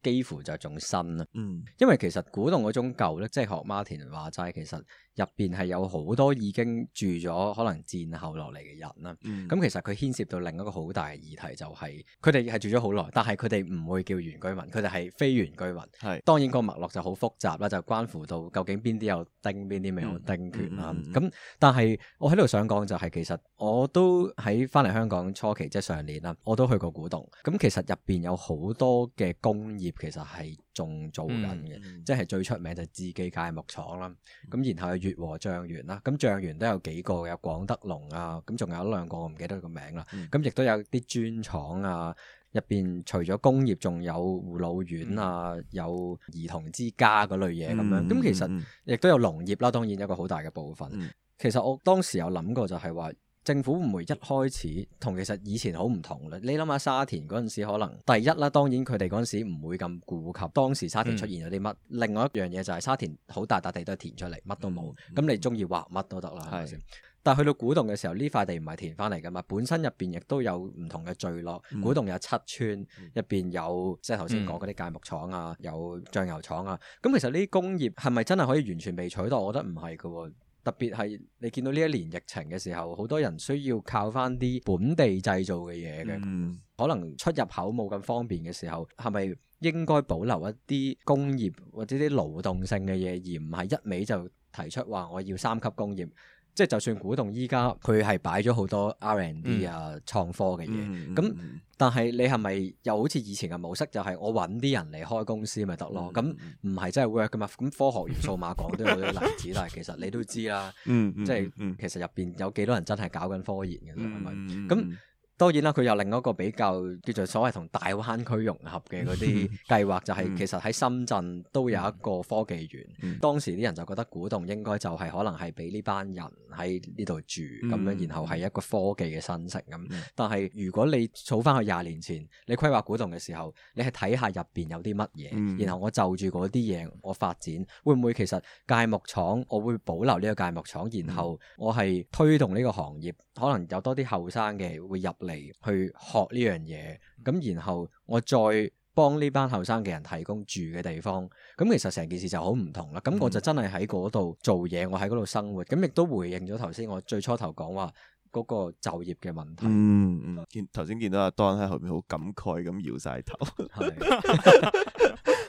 幾乎就係仲新啦。嗯，因為其實古洞嗰種舊咧，即係學 Martin 話齋，其實。入邊係有好多已經住咗可能戰後落嚟嘅人啦，咁、嗯、其實佢牽涉到另一個好大嘅議題就係佢哋係住咗好耐，但係佢哋唔會叫原居民，佢哋係非原居民。係是當然個脈絡就好複雜啦，就關乎到究竟邊啲有丁，邊啲未有丁權啦。咁、嗯嗯、但係我喺度想講就係其實我都喺翻嚟香港初期即係上年啦，我都去過古洞，咁其實入邊有好多嘅工業其實係。仲做緊嘅，嗯、即係最出名就係志記鎅木廠啦，咁、嗯、然後有悅和醬園啦，咁醬園都有幾個，有廣德隆啊，咁仲有，、嗯、有一兩個我唔記得佢個名啦，咁亦都有啲磚廠啊，入邊除咗工業，仲有護老院啊，有兒童之家嗰類嘢咁樣，咁、嗯、其實亦都有農業啦，當然一個好大嘅部分。嗯、其實我當時有諗過就，就係話。政府唔會一開始同其實以前好唔同啦。你諗下沙田嗰陣時，可能第一啦，當然佢哋嗰陣時唔會咁顧及當時沙田出現咗啲乜。嗯、另外一樣嘢就係沙田好大笪地都填出嚟，乜都冇，咁、嗯嗯、你鍾意畫乜都得啦，係咪先？嗯、是但係去到古洞嘅時候，呢塊地唔係填翻嚟㗎嘛，本身入邊亦都有唔同嘅聚落。嗯、古洞有七村，入邊、嗯、有即係頭先講嗰啲鎅木廠啊，有醬油廠啊。咁其實呢啲工業係咪真係可以完全被取代？我覺得唔係㗎喎。特別係你見到呢一年疫情嘅時候，好多人需要靠翻啲本地製造嘅嘢嘅，嗯、可能出入口冇咁方便嘅時候，係咪應該保留一啲工業或者啲勞動性嘅嘢，而唔係一味就提出話我要三級工業？即係就算古洞，依家，佢係擺咗好多 R&D 啊、創科嘅嘢。咁但係你係咪又好似以前嘅模式，就係我揾啲人嚟開公司咪得咯？咁唔係真係 work 噶嘛？咁科學園、數碼港都有好多例子，但係其實你都知啦，即係其實入邊有幾多人真係搞緊科研嘅，係咪？咁當然啦，佢有另一個比較叫做所謂同大灣區融合嘅嗰啲計劃，就係、是、其實喺深圳都有一個科技園。 當時啲人就覺得古洞應該就係可能係俾呢班人喺呢度住，咁樣然後係一個科技嘅新城咁。但係如果你倒翻去廿年前，你規劃古洞嘅時候，你係睇下入邊有啲乜嘢，然後我就住嗰啲嘢我發展，會唔會其實鎅木廠我會保留呢個鎅木廠，然後我係推動呢個行業，可能有多啲後生嘅會入。嚟去學呢樣嘢，咁然後我再幫呢班後生嘅人提供住嘅地方，咁其實成件事就好唔同啦。咁我就真係喺嗰度做嘢，我喺嗰度生活，咁亦都回應咗頭先我最初頭講話嗰個就業嘅問題。嗯嗯，見頭先見到阿 Don 喺後面好感慨咁搖晒頭。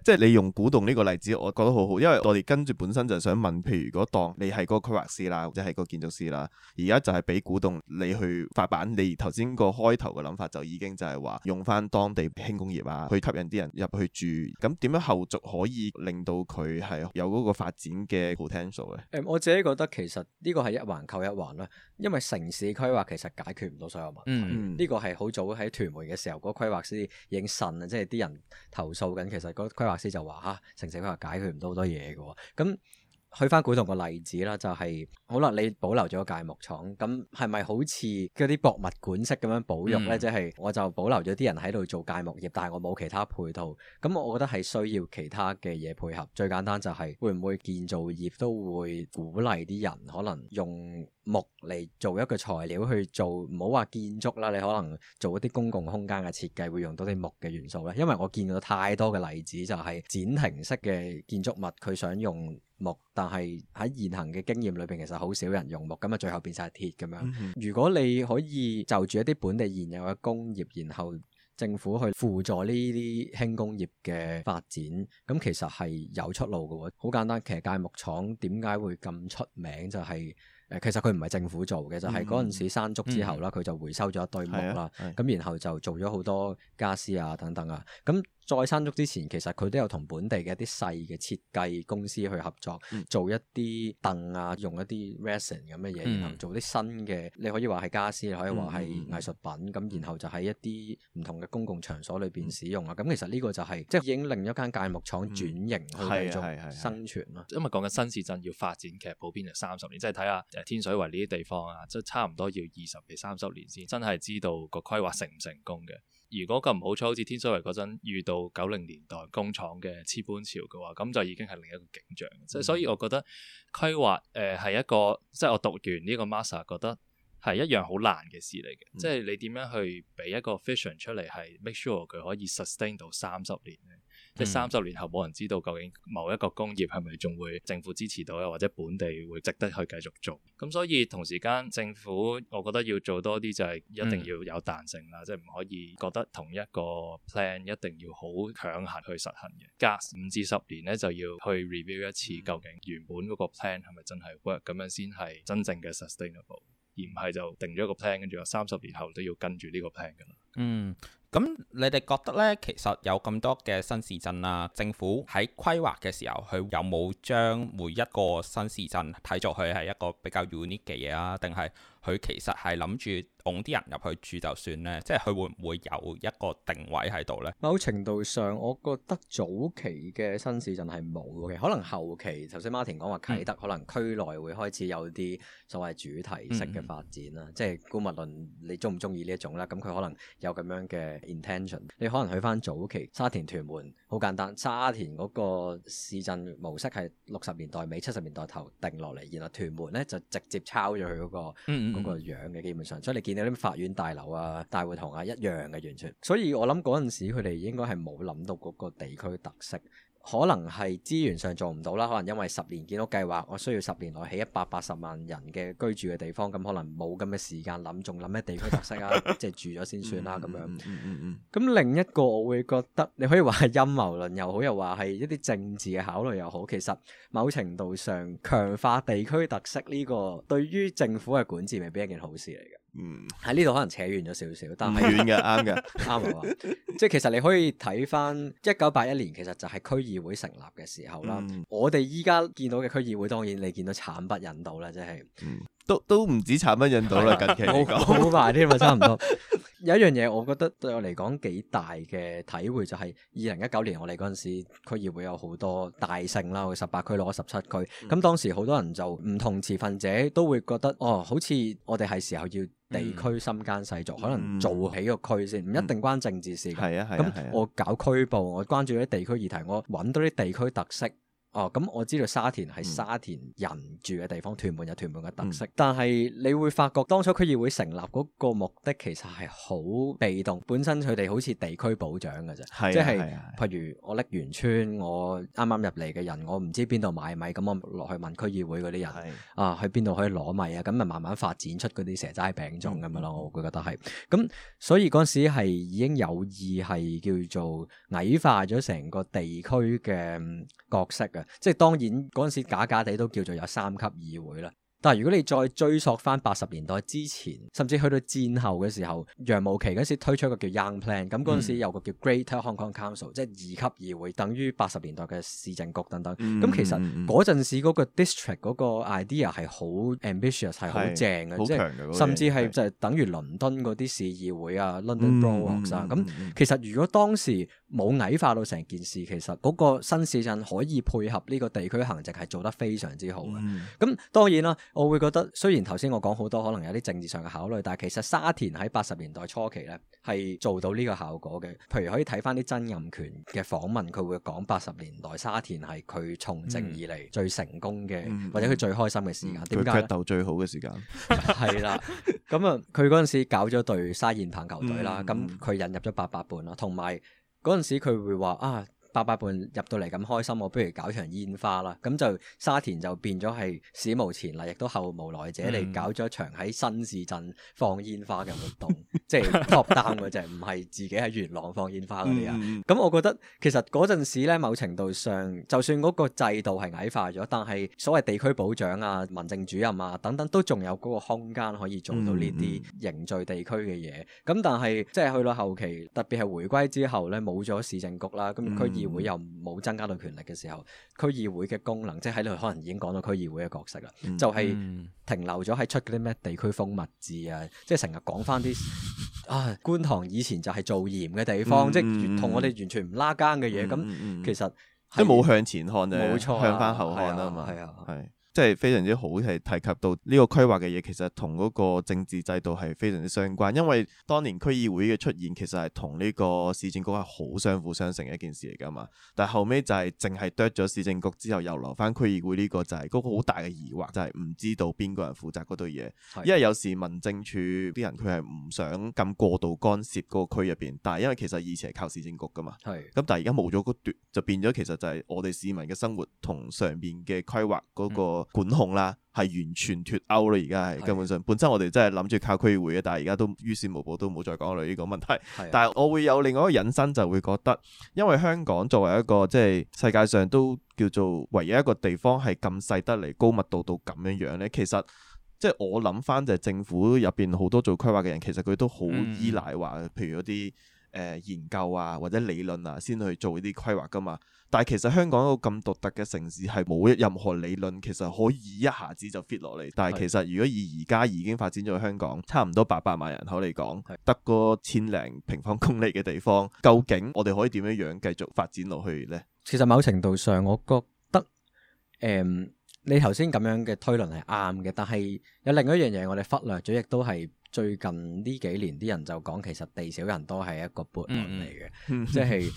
即係你用古洞呢個例子，我覺得好好，因為我哋跟住本身就係想問，譬如如當你係個規劃師啦，或者係個建築師啦，而家就係俾古洞你去發版。你頭先個開頭嘅諗法就已經就係話用翻當地輕工業啊，去吸引啲人入去住，咁點樣後續可以令到佢係有嗰個發展嘅 potential 呢、嗯？我自己覺得其實呢個係一環扣一環啦，因為城市規劃其實解決唔到所有問題，呢、嗯、個係好早喺屯門嘅時候嗰，規劃師已經神，啊，即係啲人投訴緊，其實律師就話吓、啊，成社會係解決唔到好多嘢嘅。咁去翻古洞個例子啦，就係、是、好啦，你保留咗鎅木廠，咁係咪好似嗰啲博物館式咁樣保育呢？嗯、即係我就保留咗啲人喺度做鎅木業，但係我冇其他配套，咁我覺得係需要其他嘅嘢配合。最簡單就係會唔會建造業都會鼓勵啲人可能用？木嚟做一個材料去做，唔好話建築啦。你可能做一啲公共空間嘅設計，會用到啲木嘅元素啦，因為我見到太多嘅例子，就係、是、展亭式嘅建築物，佢想用木，但係喺現行嘅經驗裏邊，其實好少人用木，咁啊最後變晒鐵咁樣。嗯、哼如果你可以就住一啲本地現有嘅工業，然後政府去輔助呢啲輕工業嘅發展，咁其實係有出路嘅。好簡單，其實鎅木廠點解會咁出名就係、是。其實佢唔係政府做嘅，就係嗰陣時山竹之後啦，佢、嗯、就回收咗一堆木啦，咁然後就做咗好多家私啊等等啊，咁。再生桌之前，其實佢都有同本地嘅一啲細嘅設計公司去合作，做一啲凳啊，用一啲 resin 咁嘅嘢，嗯、然後做啲新嘅，你可以話係家私，你可以話係藝術品，咁、嗯嗯、然後就喺一啲唔同嘅公共場所裏邊使用啊。咁、嗯嗯嗯、其實呢個就係、是、即係已經另一間鎅木廠轉型去繼續生存咯。因為講緊新市鎮要發展，其實普遍就三十年，即係睇下天水圍呢啲地方啊，即係差唔多要二十至三十年先真係知道個規劃成唔成功嘅。如果咁唔好彩，好似天水圍嗰陣遇到九零年代工廠嘅黐搬潮嘅話，咁就已經係另一個景象。即係、嗯、所以，我覺得規劃誒係、呃、一個，即係我讀完呢個 master 覺得係一樣好難嘅事嚟嘅。即係、嗯、你點樣去俾一個 vision 出嚟，係 make sure 佢可以 sustain 到三十年咧？即三十年後冇人知道究竟某一個工業係咪仲會政府支持到咧，或者本地會值得去繼續做？咁所以同時間政府，我覺得要做多啲就係一定要有彈性啦，嗯、即係唔可以覺得同一個 plan 一定要好強行去實行嘅。隔五至十年咧就要去 review 一次，究竟原本嗰個 plan 係咪真係 work 咁樣先係真正嘅 sustainable，而唔係就定咗一個 plan，跟住話三十年後都要跟住呢個 plan 㗎啦。嗯。咁你哋覺得呢？其實有咁多嘅新市鎮啊，政府喺規劃嘅時候，佢有冇將每一個新市鎮睇作佢係一個比較 unique 嘅嘢啊？定係佢其實係諗住擁啲人入去住就算呢？即係佢會唔會有一個定位喺度呢？某程度上，我覺得早期嘅新市鎮係冇嘅，可能後期頭先 Martin 講話啟德可能區內會開始有啲所謂主題式嘅發展啦。嗯、即係姑勿論你中唔中意呢一種啦，咁佢可能有咁樣嘅。Intention，你可能去返早期沙田屯門，好簡單，沙田嗰個市鎮模式係六十年代尾七十年代頭定落嚟，然後屯門呢就直接抄咗佢嗰個嗰、嗯嗯、嗰個樣嘅，基本上，所以你見到啲法院大樓啊、大會堂啊一樣嘅完全，所以我諗嗰陣時佢哋應該係冇諗到嗰個地區特色。可能係資源上做唔到啦，可能因為十年建屋計劃，我需要十年內起一百八十萬人嘅居住嘅地方，咁可能冇咁嘅時間諗仲諗咩地區特色啊， 即係住咗先算啦咁樣。咁 另一個我會覺得，你可以話係陰謀論又好，又話係一啲政治嘅考慮又好，其實某程度上強化地區特色呢個對於政府嘅管治未必一件好事嚟嘅。嗯，喺呢度可能扯遠咗少少，但係唔遠嘅，啱嘅，啱啊！即係其實你可以睇翻一九八一年，其實就係區議會成立嘅時候啦。嗯、我哋依家見到嘅區議會，當然你見到慘不忍睹啦，即係。嗯都都唔止炒乜印度啦，啊、近期好埋添啊，差唔多。有一樣嘢，我覺得對我嚟講幾大嘅體會，就係二零一九年我哋嗰陣時區議會有好多大勝啦，十八區攞十七區。咁、嗯、當時好多人就唔同持份者都會覺得，哦，好似我哋係時候要地區深耕細作，嗯、可能做起個區先，唔一定關政治事。係啊、嗯，係咁、嗯、我搞區部，我關注啲地區議題，我搵到啲地區特色。哦，咁我知道沙田係沙田人住嘅地方，嗯、屯門有屯門嘅特色。嗯、但係你會發覺當初區議會成立嗰個目的其實係好被動，本身佢哋好似地區保障㗎啫，即係譬如我拎完村，我啱啱入嚟嘅人，我唔知邊度買米，咁我落去問區議會嗰啲人，的啊，去邊度可以攞米啊？咁咪慢慢發展出嗰啲蛇齋餅種咁樣咯。嗯、我會覺得係咁、嗯嗯、所以嗰陣時係已經有意係叫做矮化咗成個地區嘅角色嘅。即係當然嗰陣時假假哋都叫做有三級議會啦。但係如果你再追溯翻八十年代之前，甚至去到戰後嘅時候，楊慕琦嗰時推出一個叫 Young Plan，咁嗰陣時有個叫 Great、er、Hong Kong Council，即係二級議會，等於八十年代嘅市政局等等。咁、嗯、其實嗰陣時嗰個 district 嗰個 idea 係好 ambitious 係好正嘅，即係甚至係就係等於倫敦嗰啲市議會啊 London Borough 啊咁。其實如果當時冇矮化到成件事，其實嗰個新市鎮可以配合呢個地區行政係做得非常之好嘅。咁、嗯嗯、當然啦、啊。我會覺得，雖然頭先我講好多可能有啲政治上嘅考慮，但係其實沙田喺八十年代初期咧係做到呢個效果嘅。譬如可以睇翻啲曾蔭權嘅訪問，佢會講八十年代沙田係佢從政以嚟最成功嘅，嗯、或者佢最開心嘅時間。點解咧？嗯、鬥最好嘅時間係啦。咁啊， 佢嗰陣時搞咗隊沙燕棒球隊啦。咁佢、嗯嗯、引入咗八佰伴咯，同埋嗰陣時佢會話啊。八百伴入到嚟咁開心，我不如搞場煙花啦！咁就沙田就變咗係史無前例，亦都後無來者你、嗯、搞咗一場喺新市鎮放煙花嘅活動， 即係 top down 嘅就唔係自己喺元朗放煙花嗰啲啊？咁、嗯、我覺得其實嗰陣時咧，某程度上就算嗰個制度係矮化咗，但係所謂地區保長啊、民政主任啊等等，都仲有嗰個空間可以做到呢啲凝聚地區嘅嘢。咁、嗯嗯、但係即係去到後期，特別係回歸之後咧，冇咗市政局啦，咁區區議會又冇增加到權力嘅時候，區議會嘅功能，即係喺度可能已經講到區議會嘅角色啦，嗯、就係停留咗喺出嗰啲咩地區風物志啊，即係成日講翻啲啊觀塘以前就係做鹽嘅地方，嗯、即係同我哋完全唔拉更嘅嘢，咁、嗯嗯嗯、其實都冇向前看，冇錯、啊、向翻後看啊嘛。即係非常之好，係提及到呢個規劃嘅嘢，其實同嗰個政治制度係非常之相關。因為當年區議會嘅出現，其實係同呢個市政局係好相輔相成嘅一件事嚟噶嘛。但係後尾就係淨係 drop 咗市政局之後，又留翻區議會呢個，就係嗰個好大嘅疑惑，就係、是、唔知道邊個人負責嗰對嘢。是的 因為有時民政處啲人佢係唔想咁過度干涉嗰個區入邊，但係因為其實以前係靠市政局噶嘛，係咁是的 但係而家冇咗嗰段，就變咗其實就係我哋市民嘅生活同上邊嘅規劃嗰個。嗯管控啦，係完全脫歐啦，而家係根本上。是的 本身我哋真係諗住靠區議會嘅，但係而家都於事無補，都冇再講佢呢個問題。是的 但係我會有另外一個引申，就會覺得，因為香港作為一個即係世界上都叫做唯一一個地方係咁細得嚟，高密度到咁樣樣呢。其實即係、就是，我諗翻就係政府入邊好多做規劃嘅人，其實佢都好依賴話，譬如嗰啲。誒、呃、研究啊，或者理論啊，先去做呢啲規劃噶嘛。但係其實香港一個咁獨特嘅城市係冇任何理論，其實可以一下子就 fit 落嚟。但係其實如果以而家已經發展咗香港差唔多八百萬人口嚟講，是的 得個千零平方公里嘅地方，究竟我哋可以點樣樣繼續發展落去呢？其實某程度上，我覺得誒、嗯，你頭先咁樣嘅推論係啱嘅，但係有另一樣嘢我哋忽略咗，亦都係。最近呢幾年啲人就講，其實地少人多係一個悖論嚟嘅，即係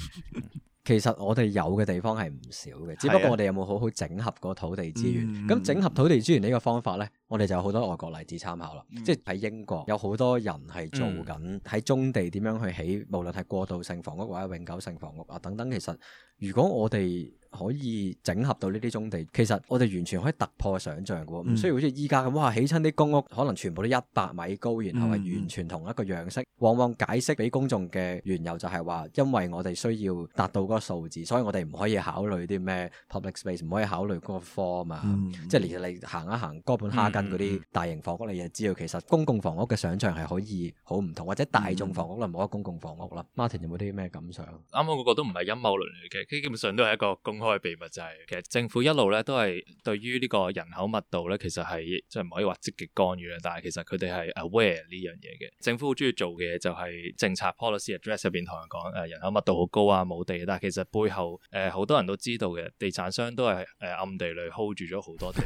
其實我哋有嘅地方係唔少嘅，只不過我哋有冇好好整合個土地資源？咁、嗯、整合土地資源呢個方法呢，嗯、我哋就有好多外國例子參考啦。嗯、即係喺英國有好多人係做緊喺棕地點樣去起，嗯、無論係過渡性房屋或者永久性房屋啊等等。其實如果我哋可以整合到呢啲棕地，其實我哋完全可以突破想像嘅，唔、嗯、需要好似依家咁，哇起親啲公屋可能全部都一百米高，然後係完全同一個樣式。嗯、往往解釋俾公眾嘅緣由就係話，因為我哋需要達到嗰個數字，所以我哋唔可以考慮啲咩 public space，唔可以考慮嗰個 form 啊嘛。即係其實你行一行哥本哈根嗰啲大型房屋，嗯、你就知道其實公共房屋嘅想像係可以好唔同，或者大眾房屋啦冇得公共房屋啦。Martin 有冇啲咩感想？啱啱嗰個都唔係陰謀論嚟嘅，佢基本上都係一個公開秘密就係、是、其實政府一路咧都係對於呢個人口密度咧，其實係即係唔可以話積極干預啦。但係其實佢哋係 aware 呢樣嘢嘅。政府好中意做嘅嘢就係政策 policy address 入邊同人講誒、呃、人口密度好高啊，冇地。但係其實背後誒好、呃、多人都知道嘅，地產商都係誒暗地裏 hold 住咗好多地。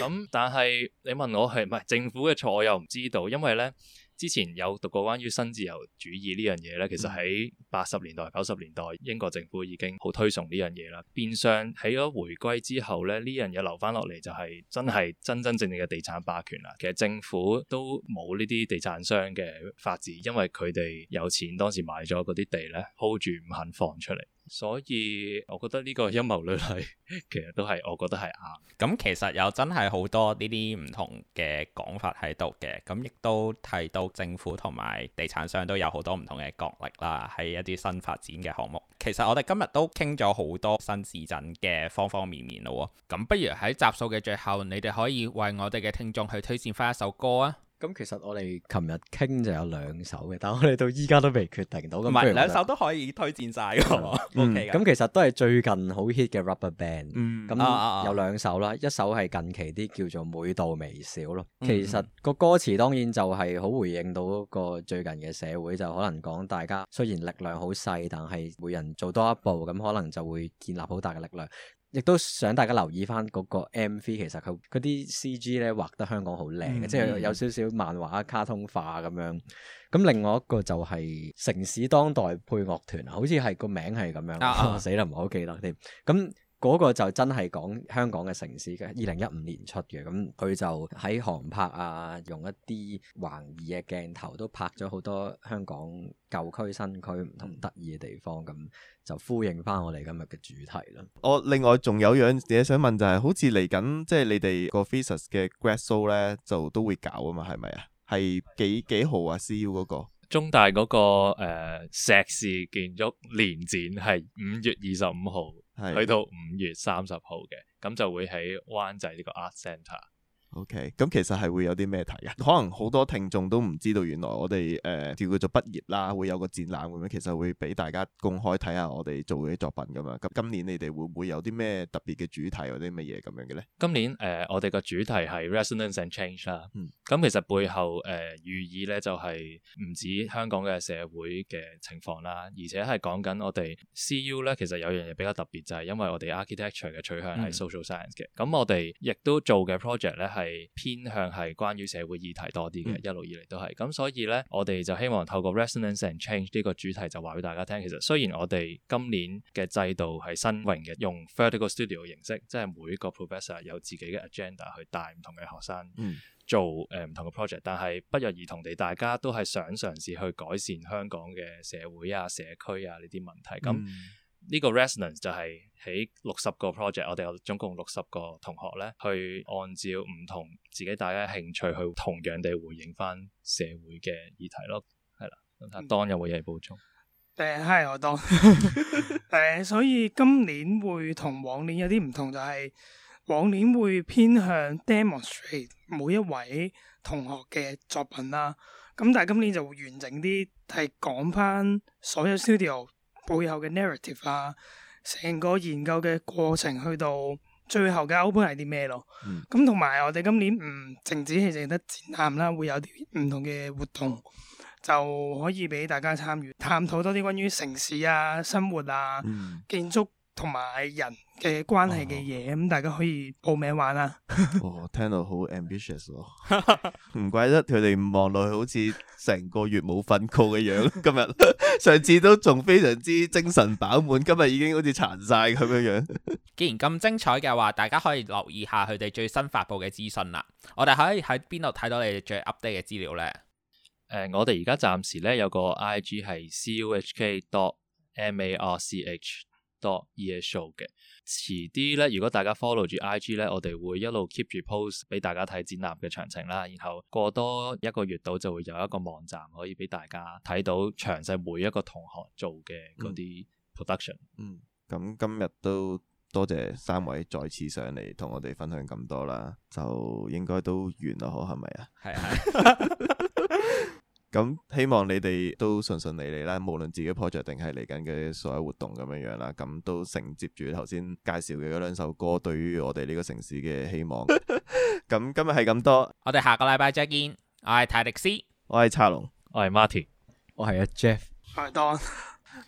咁、 嗯、但係你問我係唔係政府嘅錯，我又唔知道，因為咧。之前有讀過關於新自由主義呢樣嘢咧，其實喺八十年代、九十年代英國政府已經好推崇呢樣嘢啦。變相喺咗回歸之後咧，呢樣嘢留翻落嚟就係真係真真正正嘅地產霸權啦。其實政府都冇呢啲地產商嘅法治，因為佢哋有錢當時買咗嗰啲地咧，hold 住唔肯放出嚟。所以我覺得呢個陰謀論其實都係我覺得係啱。咁其實有真係好多呢啲唔同嘅講法喺度嘅，咁亦都提到政府同埋地產商都有好多唔同嘅角力啦，喺一啲新發展嘅項目。其實我哋今日都傾咗好多新市鎮嘅方方面面咯。咁不如喺集數嘅最後，你哋可以為我哋嘅聽眾去推薦返一首歌啊！咁其實我哋琴日傾就有兩首嘅，但係我哋到依家都未決定到。唔係兩首都可以推薦曬嘅吧 ，OK 的。咁其實都係最近好 hit 嘅 RubberBand。嗯，咁有兩首啦，一首係近期啲叫做《每道微小》咯。其實個歌詞當然就係好回應到個最近嘅社會，就可能講大家雖然力量好細，但係每人做多一步，咁可能就會建立好大嘅力量。亦都想大家留意翻嗰個 MV，其實佢啲 CG 咧畫得香港好靚嘅，嗯、即係有少少漫畫卡通化咁樣。咁另外一個就係城市當代配樂團，好似係個名係咁樣。啊啊，死啦唔係好記得添。咁、嗯。嗰個就真係講香港嘅城市嘅，二零一五年出嘅。咁佢就喺航拍啊，用一啲橫移嘅鏡頭都拍咗好多香港舊區、新區唔同得意嘅地方，咁就呼應翻我哋今日嘅主題啦。我、哦、另外仲有樣嘢想問，就係、是、好似嚟緊，即、就、係、是、你哋個 Thesis 嘅 Grad Show 咧，就都會搞啊嘛？係咪啊？係幾幾號啊？CU 嗰個中大嗰、那個碩士、呃、建築年展係五月二十五號。去到五月三十號嘅，咁就會喺灣仔呢個 Art Centre。O.K. 咁其實係會有啲咩睇啊？可能好多聽眾都唔知道，原來我哋誒、呃、叫佢做畢業啦，會有個展覽咁樣，其實會俾大家公開睇下我哋做嘅作品咁嘛。咁今年你哋會唔會有啲咩特別嘅主題或者乜嘢咁樣嘅咧？今年誒、呃、我哋個主題係 Resonance and Change 啦。咁、嗯嗯、其實背後誒、呃、寓意咧就係、是、唔止香港嘅社會嘅情況啦，而且係講緊我哋 C.U. 咧，其實有樣嘢比較特別就係、是、因為我哋 architecture 嘅取向係 social science 嘅。咁、嗯、我哋亦都做嘅 project 咧係，係偏向係關於社會議題多啲嘅，一路以嚟都係。咁所以呢，我哋就希望透過 Resonance and Change 呢個主題就話俾大家聽。其實雖然我哋今年嘅制度係新穎嘅，用 vertical studio 嘅形式，即係每個 professor 有自己嘅 agenda 去帶唔同嘅學生做誒唔、嗯呃、同嘅 project，但係不約而同地，大家都係想嘗試，試去改善香港嘅社會啊、社區啊呢啲問題。咁、嗯呢個 resonance 就係喺六十個 project，我哋有總共六十個同學咧，去按照唔同自己大家嘅興趣去同樣地回應翻社會嘅議題咯。係啦，Don 有冇嘢補充？誒係、嗯呃、我當誒、 呃，所以今年會同往年有啲唔同，就係、是、往年會偏向 demonstrate 每一位同學嘅作品啦。咁但係今年就會完整啲，係講翻所有 studio。背後嘅 narrative 啊，成個研究嘅過程去到最後嘅 open 係啲咩咯？咁同埋我哋今年唔淨、嗯、止係淨得展覽啦，會有啲唔同嘅活動，就可以俾大家參與，探討多啲關於城市啊、生活啊、嗯、建築同埋人。嘅關係嘅嘢，咁、哦、大家可以報名玩啦、啊。 哦，聽到 amb、哦、好 ambitious 咯，唔怪得佢哋望落去好似成個月冇瞓覺嘅樣。今日上次都仲非常之精神飽滿，今日已經好似殘晒咁樣樣。 既然咁精彩嘅話，大家可以留意下佢哋最新發布嘅資訊啦。我哋可以喺邊度睇到你哋最 update 嘅資料呢？誒、呃，我哋而家暫時咧有個 IG 係 Cuhk dot March。度嘅，遲啲咧，如果大家 follow 住 IG 咧，我哋會一路 keep 住 post 俾大家睇展覽嘅詳情啦。然後過多一個月到，就會有一個網站可以俾大家睇到詳細每一個同學做嘅嗰啲 production 嗯。嗯，咁今日都多謝三位再次上嚟同我哋分享咁多啦，就應該都完啦，好，係咪啊？係啊。咁希望你哋都順順利利啦，無論自己 project 定係嚟緊嘅所有活動咁樣樣啦，咁都承接住頭先介紹嘅嗰兩首歌，對於我哋呢個城市嘅希望。咁今日係咁多，我哋下個禮拜再見。我係泰迪斯，我係策龍，我係 Martin，我係阿 Jeff，我係 Don，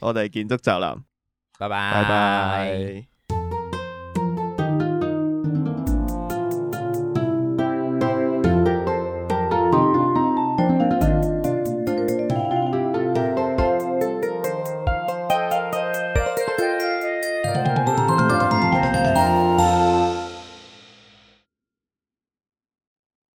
我哋建築宅男，拜拜。